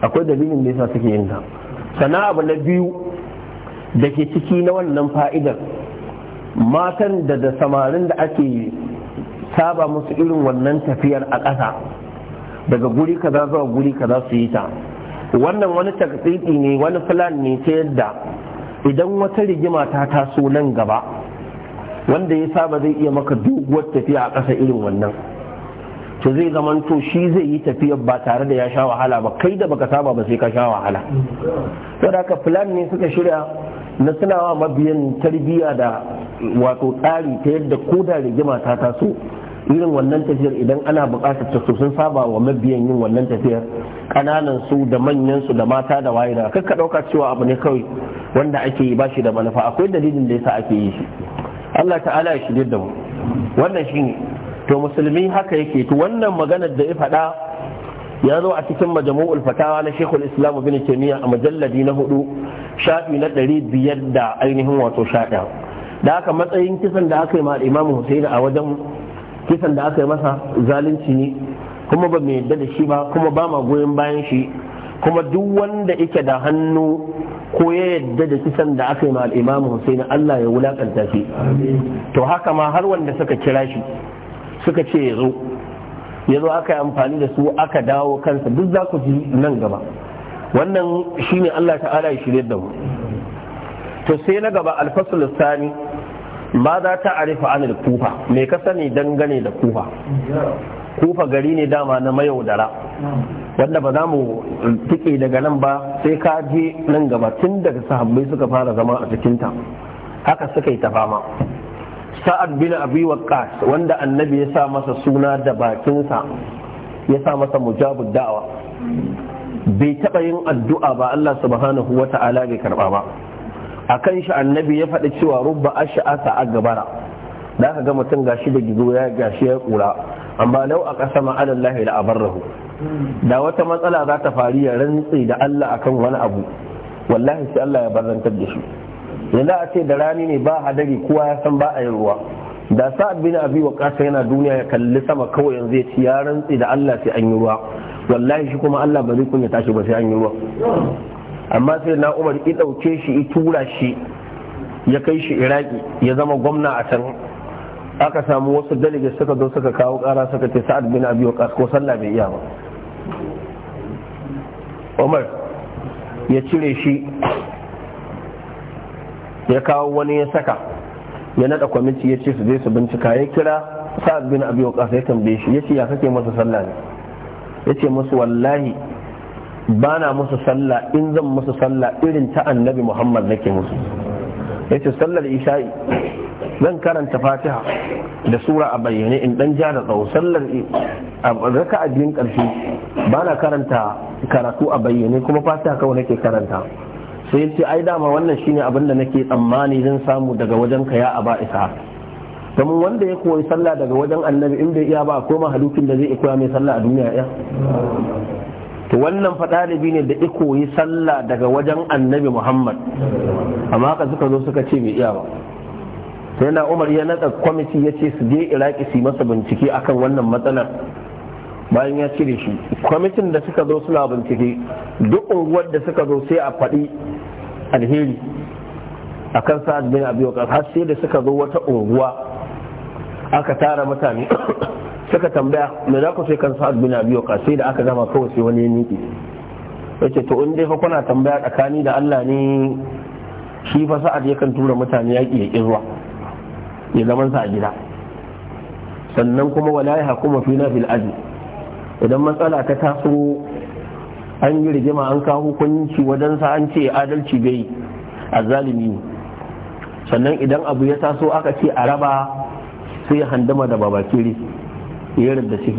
akwai dalilin da yasa suke yin ta sana abu na biyu da ke ciki na wannan fa'idar matan da da samarin da ake saba musu irin wannan tafiyar a ƙasa daga guri kaza zuwa guri kaza su yi ta wannan wani takasiti ne wani filan ne ta yadda idan wata rigima ta taso nan gaba wanda ya saba zai iya maka doguwar tafiya a ƙasa irin wannan to zai zamanto shi zai yi tafiyar ba tare da ya sha wahala ba kai da baka saba ba sai ka sha wahala to da haka filan ne suka shirya na sunawa mabiyan tarbiyya da wato tsari ta yadda ko da rigima ta taso irin wannan tafiyar idan ana buƙatar ta sun saba wa mabiyan yin wannan tafiyar kananan su da manyan su da mata da waye da kakka ɗauka cewa abu ne kawai wanda ake yi bashi da manufa akwai dalilin da yasa ake yi shi Allah ta'ala ya shirye da mu wannan shine to musulmi haka yake to wannan maganar da ya faɗa ya zo a cikin majmu'ul fatawa na shekul Islam bin kemiya a mujalladi na hudu shafi na ɗari biyar da ainihin wato shaɗa da aka matsayin kisan da aka yi ma imamu Hussein a wajen kisan da aka yi masa zalunci ne kuma ba mu yadda da shi ba kuma ba ma goyon bayan shi kuma duk wanda ike da hannu ko ya yadda da kisan da aka yi ma imamu Hussein Allah ya wulakanta shi to haka ma har wanda suka kira shi suka ce ya zo ya zo aka yi amfani da su aka dawo kansa duk za ku ji nan gaba wannan shi ne Allah ta'ala ya shirye da mu to sai na gaba alfasul sani ma za ta arifa anil kufa me ka sani dangane da kufa kufa gari ne dama na mayaudara wanda ba za mu tike daga nan ba sai ka je nan gaba tun daga sahabbai suka fara zama a cikinta haka suka yi tafama. sa'ad bin abi waqqas wanda annabi ya sa masa suna da bakinsa ya sa masa mujabud da'awa bai taɓa yin addu'a ba Allah subhanahu wa ta'ala bai karɓa ba a kan shi annabi ya faɗi cewa rubba asa a gabara da aka ga mutum gashi da gizo ya gashi ya ƙura. amma lau a ƙasa ma'adallahi da abarrahu da wata matsala za ta faru ya rantse da Allah akan wani abu wallahi sai Allah ya barantar da shi yanzu a ce da rani ne ba hadari kowa ya san ba a yin ruwa da sa'ad bin abi kasa yana duniya ya kalli sama kawai yanzu ya ci ya rantsi da Allah sai an yi ruwa wallahi shi kuma Allah ba zai kunya tashi ba sai an yi ruwa amma sai na Umar ya dauke shi ya tura shi ya kai shi Iraki ya zama gwamna a can aka samu wasu dalibai suka zo suka kawo kara suka ce sa'ad bin abi kasa ko sallah bai iya ba Umar ya cire shi ya kawo wani ya saka ya nada kwamiti ya ce su je su bincika ya kira sa'ad bin abi waqas ya tambaye shi ya ce ya kake masa sallah ne yace musu wallahi ba na musu sallah in zan musu sallah irin ta annabi muhammad nake musu yace sallar isha'i zan karanta fatiha da sura a bayyane in dan ja da tsawo sallar raka a biyun karshe ba na karanta karatu a bayyane kuma fatiha kawai nake karanta sai ya ce ai dama wannan shine abin da nake tsammani zan samu daga wajen ka ya aba isa domin wanda ya koyi sallah daga wajen annabi inda bai iya ba ko mahalukin da zai koya mai sallah a duniya ya to wannan faɗalibi ne da ya koyi sallah daga wajen annabi muhammad amma haka suka zo suka ce bai iya ba sai na umar ya naɗa kwamiti ya ce su je iraki su masa bincike akan wannan matsalar bayan ya cire shi kwamitin da suka zo suna bincike duk unguwar da suka zo sai a faɗi alheri a kan sa'ad bin abi waqas har sai da suka zo wata unguwa aka tara mutane suka tambaya me za ku sai kan sa'ad bin abi waqas sai da aka gama kawai sai wani ya miƙe yace to in dai fa kuna tambaya tsakani da Allah ne shi fa sa'ad yakan tura mutane yaƙi ya zuwa ya zaman sa a gida sannan kuma wala ya hakuma fi na fil ajr idan matsala ta taso an yi rigima an kawo hukunci wajensa an ce adalci bai a zalimi sannan idan abu ya taso aka ce a raba sai ya handama da babakiri ya da shi.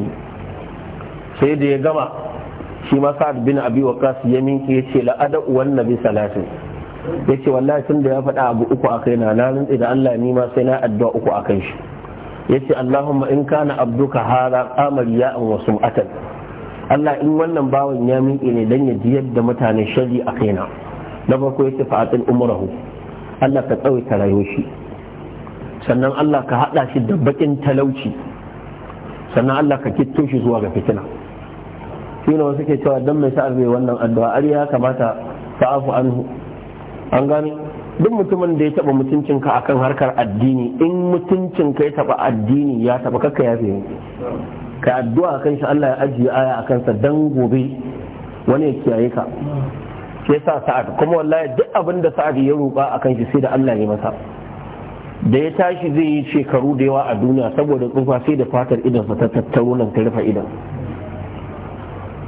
sai da ya gama shi ma sa'ad bin abi waqas ya minki ya ce la'ada uwan nabi salatin ya ce wallahi tun da ya faɗa abu uku a kai na na rantsi da Allah ni ma sai na addu'a uku a kai shi yace Allahumma in kana abduka hada qamar ya'an wa sum'atan Allah in wannan bawan ya miƙe ne dan ya ji yadda mutane shari a kaina na farko yace fa'atil umrahu Allah ka tsawai rayuwar shi sannan Allah ka hada shi da bakin talauci sannan Allah ka kitto shi zuwa ga fitina shi ne wasu ke cewa dan mai sa'ar mai wannan addu'a ari ya kamata fa'afu anhu an gani duk mutumin da ya taba mutuncinka akan harkar addini in mutuncinka ya taba addini ya taba kakka ya fi ka addu'a kan shi Allah ya ajiye aya a kansa dan gobe wani ya kiyaye ka Ke sa sa'ad kuma wallahi duk abin da sa'ad ya roƙa kan shi sai da Allah ya masa da ya tashi zai yi shekaru da yawa a duniya saboda tsufa sai da fatar idan ta tattaro nan ta rufe idan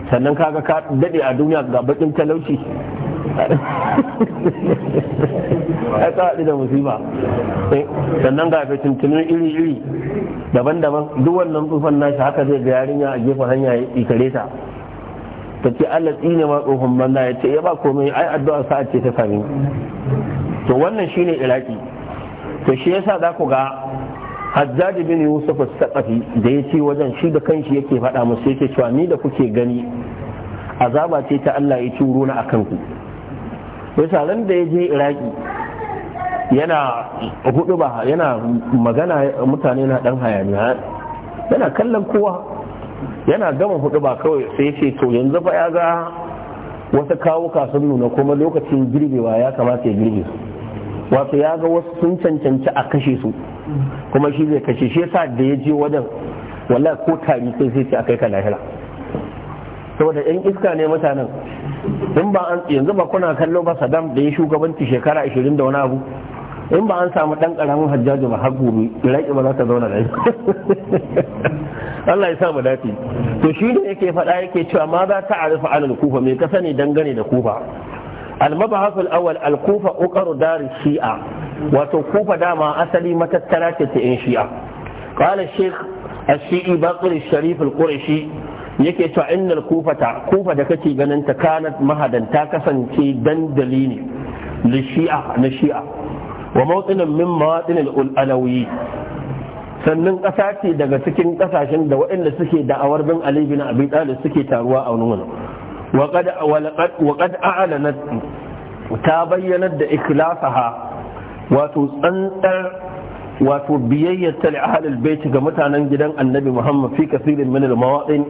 sannan kaga ka dade a duniya ga bakin talauci Ai da musiba eh, sannan ga tuntunin iri-iri daban-daban duk wannan tsufan nashi haka zai ga yarinya a gefen hanya ya ikare ta ta ce Allah tsine ma tsohon banza ya ce ya eh, ba komai ai addu'a sa'a ce ta sami to wannan shine iraki to shi yasa za ku ga hajjaji bin yusuf sakafi da ya ce wajen shi da kanshi yake faɗa musu yake cewa ni da kuke gani azaba ce ta Allah ya ci turo na akan ku yasa ran da ya je iraki yana hudu ba yana magana mutane na dan hayaniya yana kallon kowa yana gama hudu ba kawai sai ce to yanzu fa ya ga wasu kawo sun nuna kuma lokacin girbewa ya kamata ya girbe su wato ya ga wasu sun cancanci a kashe su kuma shi zai kashe shi yasa da ya je wajen wallahi ko tari sai sai ce akai ka lahira saboda yan iska ne mutanen in ba an yanzu ba kuna kallo ba Saddam da ya shugabanci shekara 20 da wani abu in ba an samu dan karamin hajjaji ba har gobe Iraki ba za ta zauna da Allah ya sa mu dace to shi ne yake faɗa yake cewa ma za ta arifa alal kufa me ka sani dangane da kufa المبحث الأول الكوفة أقر دار الشيعة وتكوفة asali أسلي متى الثلاثة yan shi'a قال الشيخ الشيعي باقر الشريف القرشي yake cewa innal kufata kufa da kake ganin ta kanat mahadan ta kasance dandali ne li shi'a na shi'a wa mawdinan min mawadin alawi sannan ƙasa daga cikin kasashen da waɗanda suke da'awar bin Ali bin Abi Talib suke taruwa a wannan wa qad wa qad a'lanat ta bayyana da ikhlasaha wato tsantsar wato biyayyar tali ahalul baiti ga mutanen gidan annabi muhammad fi kasirin min almawadin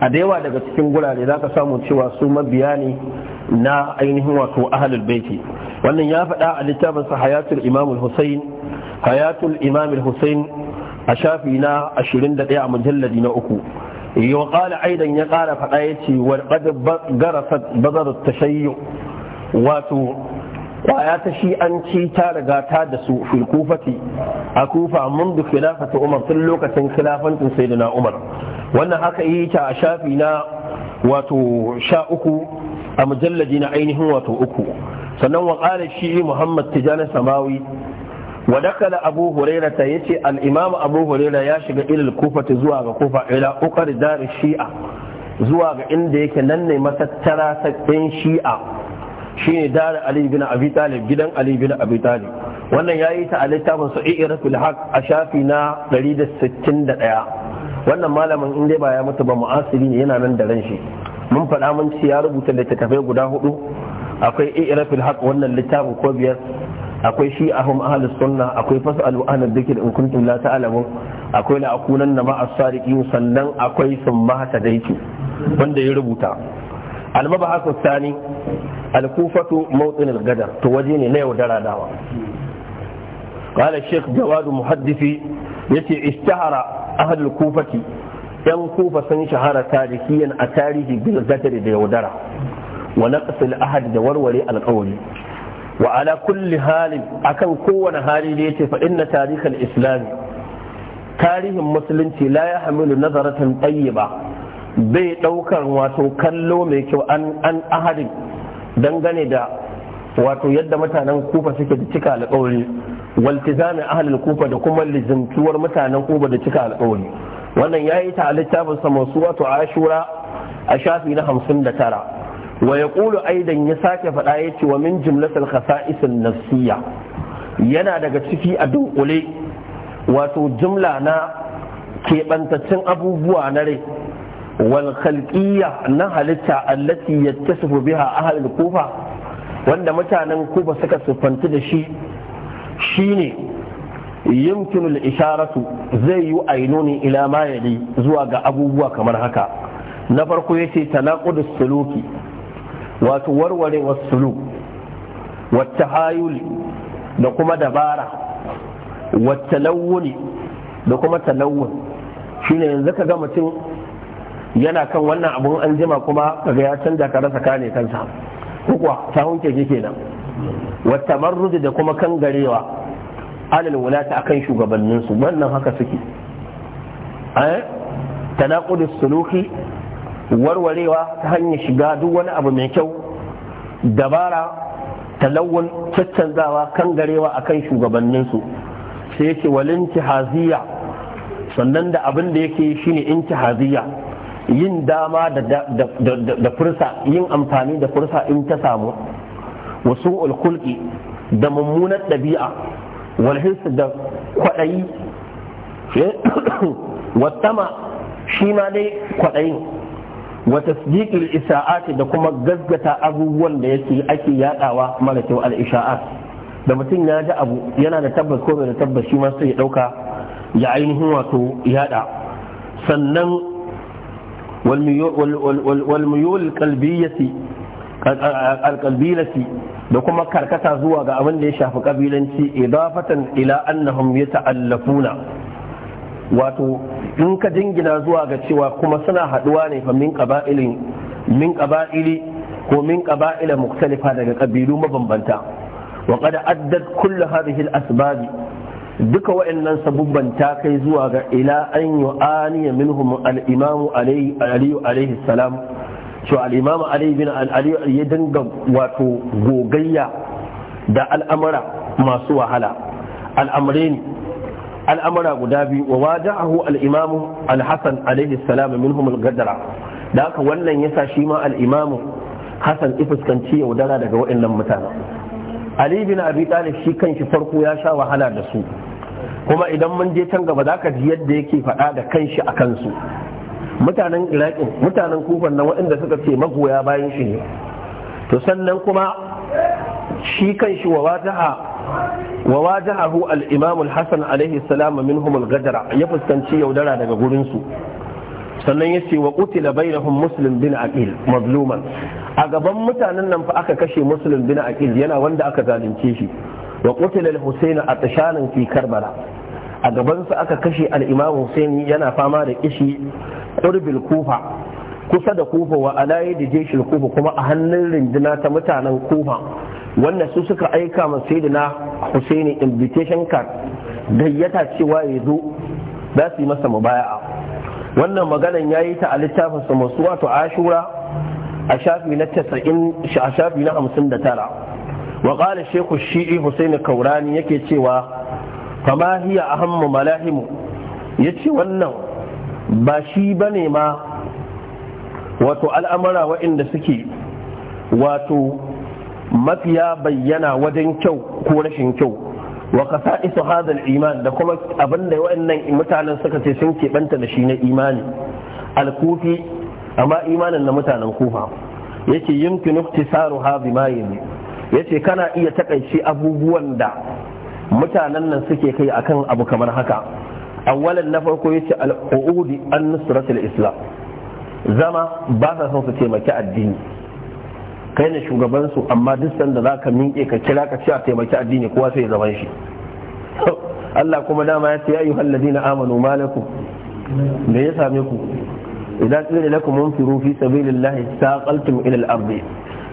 a da yawa daga cikin gurare zaka samu cewa su mabiya ne na ainihin wato ahalul baiti wannan ya faɗa a littafin sa hayatul imam al hayatul imam al-husayn a shafi na 21 a mujalladi na uku وقال أيضا يقال فقايتي وقد غرست بذر التشيع واتو kwaya ta shi an ci ta riga ta da su fil a kufa mundu khilafatu umar tun lokacin khilafantin sayyidina umar wannan haka yi ta a shafi na wato sha uku a mujallaji na ainihin wato uku sannan wa qala shi muhammad tijani samawi wa dakala abu huraira ta yace al imam abu huraira ya shiga ilal kufati zuwa ga kufa ila uqar dar shi'a zuwa ga inda yake nan ne matattara ta shi'a Shi ne dara ali bin abi talib gidan ali bin abi talib wannan yayi ta a littafin sa'iratul haq a shafi na 161 wannan malamin in dai ba ya mutu ba mu'asiri ne yana nan da ran shi mun faɗa mun ci ya rubuta littattafai guda hudu akwai i'rafil haq wannan littafin ko biyar akwai shi ahum ahlus sunna akwai fasalu ahlud dhikr in kuntum la ta'lamun akwai la akunan na ma'a sariqin sannan akwai dai hadaiki wanda ya rubuta al-mabahasu thani alkufatu mawtsin gadar to waje ne na yaudara dawa قال الشيخ جواد محدثي يتي اشتهر أهل الكوفة ين كوفة سن شهر تاريخيا أتاريه بالغدر ديودرة ونقص الأحد دورولي القول وعلى كل حال أكن كون حالي ليتي فإن تاريخ الإسلام تاريخ مسلم لا يحمل نظرة طيبة bai ɗaukar wato kallo mai kyau an ahadin dangane da wato yadda mutanen kufa suke da cika alƙawari waltizami ahalin kufa da kuma lizantuwar mutanen kufa da cika alƙawari wannan ya yi ta a littafin masu wato ashura a shafi na hamsin da tara wa ya ƙulu aidan ya sake faɗa ya ce wa min ƙasa isin nafsiya yana daga ciki a dunkule wato jimla na keɓantaccen abubuwa na rai wal na halitta allati yattasifu biha ahlul kufa wanda mutanen kufa suka siffanci da shi shine yumkinu al-isharatu zai yi ainuni ila ma yali zuwa ga abubuwa kamar haka na farko yace tanaqudus suluki wato warware wasuluk wata hayuli da kuma dabara wata lawuni da kuma talawun shine yanzu ka mutum yana kan wannan abun an jima kuma kaga ya canza ka rasa kane kansa kuwa ta hunke ke kenan wata marruji da kuma kan garewa alal wulata akan shugabanninsu wannan haka suke eh? tanakudu suluki warwarewa ta hanyar shiga duk wani abu mai kyau dabara talawun caccanzawa kan garewa akan shugabanninsu sai yake walin haziya sannan da abin da yake shine intihaziya yin dama da fursa yin amfani da fursa in ta samu wasu ulkulki da mummunar ɗabi'a walhinsu da kwaɗayi wattama shi ma dai kwaɗayin wata sidiƙil isha'ati da kuma gaggata abubuwan da yake ake yaɗawa mara kyau al da mutum ya ji abu yana da tabbas ko da tabbas shi ma sai ya ɗauka ya ainihin wato yaɗa sannan walmuyul kalbiyati alkalbilati da kuma karkata zuwa ga abin da ya shafi kabilanci idafatan ila annahum yata'allafuna wato in ka jingina zuwa ga cewa kuma suna haduwa ne fa min qaba'ilin min qaba'ili ko min qaba'ila mukhtalifa daga kabilu mabambanta wa qad addat kullu hadhihi al duka wa'annan sabubban ta kai zuwa ga ila an yu'aniya minhum al-imamu aliyu alaihi salam to al-imamu aliyu bin aliyu ya dinga wato gogayya da al'amara masu wahala al'amrain al'amara guda biyu wa waja'ahu al-imamu al-hasan alaihi salam minhum al-gadara da aka wannan yasa shi ma al-imamu hasan fuskanci yaudara daga wa'annan mutanen ali bin abi talib shi kanshi farko ya sha wahala da su kuma idan mun je can gaba za ka ji yadda yake faɗa da shi a kansu mutanen iraki mutanen kufan na waɗanda suka ce magoya bayan shi ne to sannan kuma shi kan shi wa wajahahu a imam al alaihi salam min humul gadara ya fuskanci yaudara daga gurin Sannan ya ce wa na bainahum muslim bin aqil mazluman a gaban mutanen nan fa aka kashe muslim bin aqil yana wanda aka zalunce shi wa qutila Hussaini a tashanin fi karbala a gabansa aka kashe al'imam imam yana fama da kishi qurbil kufa kusa da kufa wa alayi da jeshin kufa kuma a hannun rinduna ta mutanen kufa wannan su suka aika ma sayyidina husaini invitation card gayyata cewa ya zo za su yi masa mubaya'a wannan maganan ya yi ta a littafin masu wato ashura a shafi na 90 a shafi na 59 wa Shehu shaykhu shi'i husaini kaurani yake cewa fama hiya ahammu malahimu yace wannan ba shi bane ma wato al'amara wa'inda suke wato mafiya bayyana wajen kyau ko rashin kyau wa kasa isu hadal iman da kuma abin da waɗannan mutanen suka ce sun keɓanta da shi na imani alkufi amma imanin na mutanen kufa yake yunki ihtisaru ha bi ma yanzu ya ce kana iya takaice abubuwan da mutanen nan suke kai akan abu kamar haka Awalin na farko ya ce al'udi an nusratul islam zama ba sa son su taimaki addini kai ne shugabansu amma duk sanda za ka minke ka kira ka ce a taimaki addini kowa sai zaman shi Allah kuma dama ya ce ya yi halladina amanu malakum me ya same ku idan tsire lakum munfiru fi sabilillahi saqaltum ila al-ardi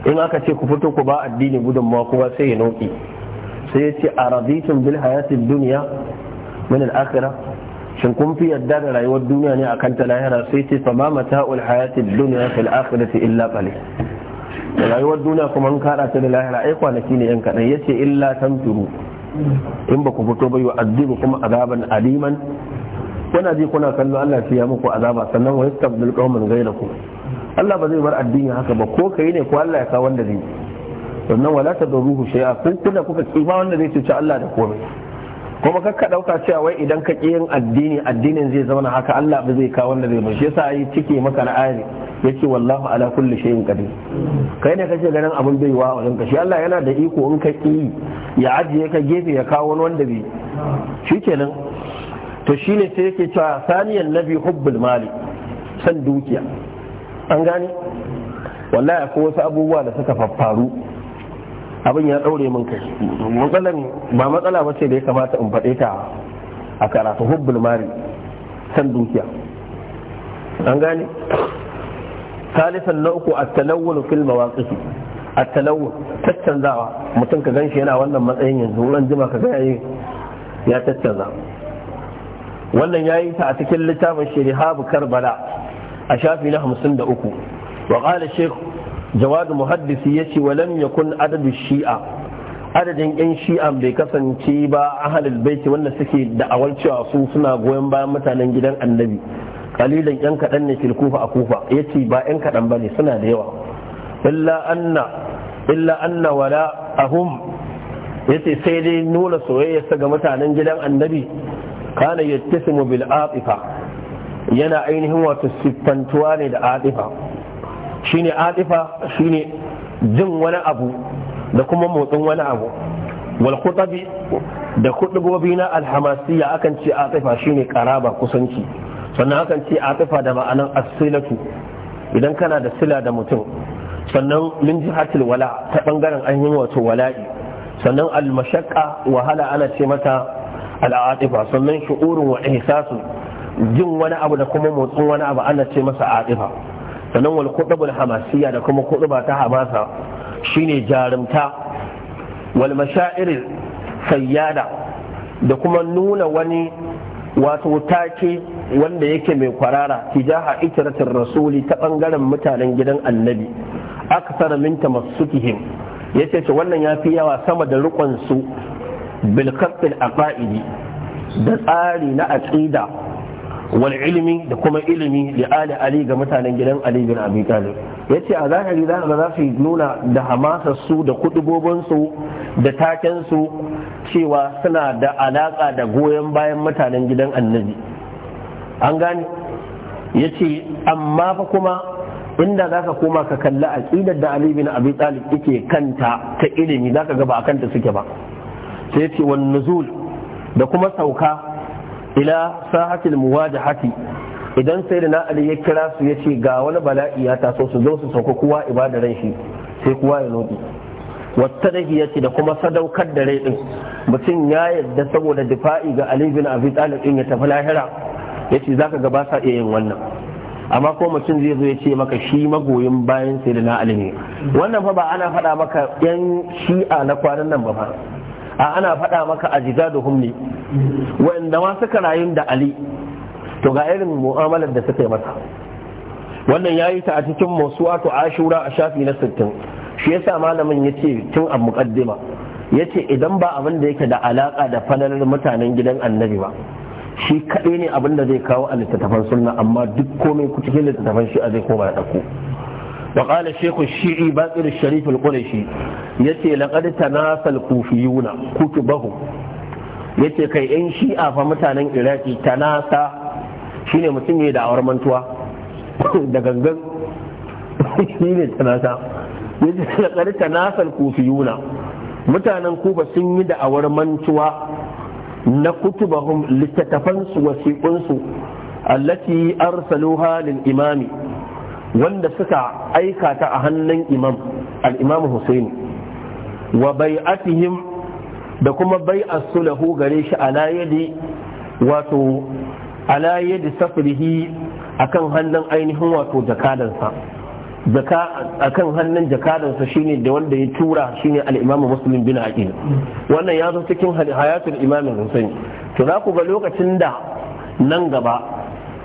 in aka ce ku fito ku ba addini ma kuma sai ya nauki sai ya ce a raditun bil hayatin duniya min al-akhirah kun fi yadda da rayuwar duniya ne akan ta lahira sai ce fa ma mata'ul hayatid dunya fil akhirati illa qalil rayuwar duniya kuma an kada ta da lahira ai kwanaki ne yan kadan yace illa tamturu in ba ku fito ba addini kuma azaban aliman kuna ji kuna kallo Allah ya muku azaba sannan wa yastabdil qauman ku. Allah ba zai bar addini haka ba ko kai ne ko Allah ya kawo wanda zai wannan wala ta da ruhu shay'a ko kuna kuka kima wanda zai cuci Allah da komai kuma kakka dauka cewa wai idan ka ki yin addini addinin zai zama haka Allah ba zai kawo wanda zai ba shi yasa ai cike maka na yake yace ala kulli shay'in qadir kai ne kace ganin abun bai wa wajen ka shi Allah yana da iko in ka ki ya ajiye ka gefe ya kawo wanda bai shikenan to shine sai yake cewa saniyan nabi hubbul mali san dukiya an gane wallahi akwai wasu abubuwa da suka faffaru abin ya daure min kai matsalan ba matsala ba ce da ya kamata in faɗe ta a karatu hubbul mari san dukiya an gane salisan na uku at-talawwul fil mawaqif at-talawwul tattanzawa mutum ka ganshi yana wannan matsayin yanzu wurin jima ka ga yayi ya tattanza wannan yayi ta a cikin littafin shirihabu karbala a shafi na hamsin da uku wa ƙala shek jawadu muhaddisi ya ce walam ya kun adadu shi'a adadin yan shi'a bai kasance ba ahalul baiti wanda suke da'awar cewa su suna goyon bayan mutanen gidan annabi kalilan yan kaɗan ne fil kufa a kufa ya ce ba yan kaɗan ba ne suna da yawa illa anna illa anna wala ahum ya ce sai dai nuna soyayyarsa ga mutanen gidan annabi kana yattasimu bil afifa yana ainihin wato siffantuwa ne da atifa shine atifa shine jin wani abu da kuma motsin wani abu wal khutabi da kudubobi na alhamasiya akan ce atifa shine karaba kusanci sannan akan ce atifa da ma'anan asilatu idan kana da sila da mutum sannan min jihatil wala ta bangaren ainihin wato wala'i sannan al wahala ana ce mata al atifa sannan shu'urun wa ihsasun jin wani abu da kuma motsin wani abu ana ce masa adifa sannan wal kudubul hamasiyya da kuma kuduba ta hamasa shine jarumta wal mashair sayyada da kuma nuna wani wato take wanda yake mai kwarara tijaha itiratin rasuli ta ɓangaren mutanen gidan annabi aksara minta tamassukihim Ya ce wannan fi yawa sama da rikon su bil a da tsari na aqida wal ilmi da kuma ilimi da ali ali ga mutanen gidan ali bin abi talib yace a zahiri za ga za su nuna da hamasar su da kuɗi su da taken su cewa suna da alaka da goyon bayan mutanen gidan annabi an gane yace amma fa kuma inda za ka koma ka kalli aƙidar da Ali bin Abi Talib yake kanta ta ilimi za ka ga ba kanta suke ba sai ce wan nuzul da kuma sauka ila sahatil muwajahati idan sai da ali ya kira su ya ce ga wani bala'i ya taso su zo su sauka kowa ibada ran shi sai kowa ya nodi wata dahi ya ce da kuma sadaukar da rai din mutum ya yadda saboda difa'i ga ali bin abi talib din ya tafi lahira ya ce zaka ga ba sa iya yin wannan amma ko mutum zai zo ya ce maka shi magoyin bayan sai da ali ne wannan fa ba ana faɗa maka yan shi'a na kwanan nan ba fa a ana faɗa maka a da humni wanda ma suka rayun da ali to ga irin mu'amalar da suka yi masa wannan ya yi ta a cikin masuwatu ashura a shafi na sittin shi yasa malamin ya ce tun a muƙaddima ya ce idan ba abin da yake da alaƙa da falalar mutanen gidan annabi ba shi kaɗai ne abin da zai kawo a littattafan sunna amma duk komai cikin littattafan shi a zai koma da ɗauko وقال الشيخ الشيعي باقر الشريف القرشي يتي لقد تناسى الكوفيون كتبهم yace kai yan shi'a fa mutanen iraki tanasa shine mutum ya da'awar mantuwa da gangan shine tanasa yace laqad tanasa al-kufiyuna mutanen kuba sun yi da'awar mantuwa na kutubahum littattafansu wasiƙunsu allati arsaluha halin imami wanda suka aika ta a hannun imam al-imam wa bai'atihim da kuma bai sulahu gare shi ala yadi wato ala yadi safrihi akan hannun ainihin wato jakadansa A akan hannun jakadansa shine da wanda ya tura shine al-Imam Muslim bin Aqil wannan ya zo cikin hayatul imamin Husaini to za ku ga lokacin da nan gaba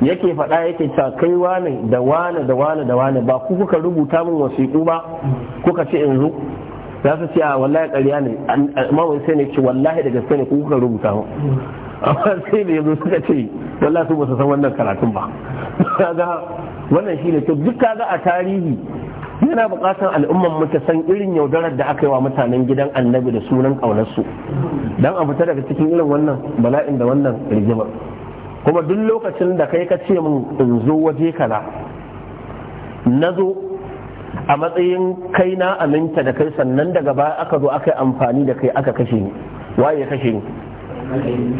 yake faɗa yake cewa kai wane da wane da wane da wane ba ku kuka rubuta min wasiƙu ba kuka ce in zo za su ce a wallahi ƙarya ne mamun sai ne ce wallahi da gaske ne ku kuka rubuta mu amma sai da yanzu suka ce wallahi su ba su san wannan karatun ba kaga wannan shine to duk kaga a tarihi yana buƙatar al'ummar mu ta san irin yaudarar da aka yi wa mutanen gidan annabi da sunan ƙaunarsu don a fita daga cikin irin wannan bala'in da wannan rigimar kuma duk lokacin da kai ka ce mun in zo waje kala na zo a matsayin kai na aminta da kai sannan daga baya aka zo aka yi amfani da kai aka kashe ni waye kashe ni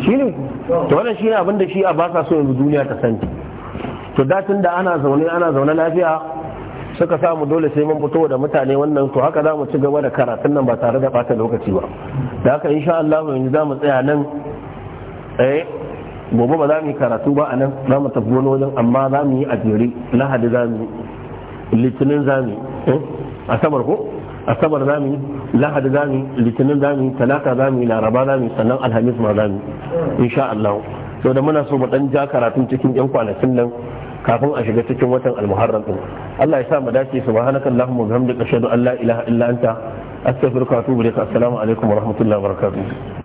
shi ne to wannan shi ne abin da shi a ba sa so yanzu duniya ta sani to tun da ana zaune ana zaune lafiya suka samu dole sai mun fito da mutane wannan to haka za mu ci gaba da karatun nan ba tare da bata lokaci ba da haka insha Allah yanzu za mu tsaya nan eh gobe ba za mu yi karatu ba a nan za mu tafi wani wajen amma za mu yi a jere lahadi za mu litinin za mu asabar ko asabar za mu yi lahadi za mu litinin za mu talata za mu laraba za mu sannan alhamis ma za mu insha Allah sau da muna so mu dan ja karatun cikin yan kwanakin nan kafin a shiga cikin watan almuharram din Allah ya sa mu dace subhanaka allahumma wa bihamdika ashhadu an la ilaha illa anta astaghfiruka wa atubu ilaik assalamu alaikum wa rahmatullahi wa barakatuh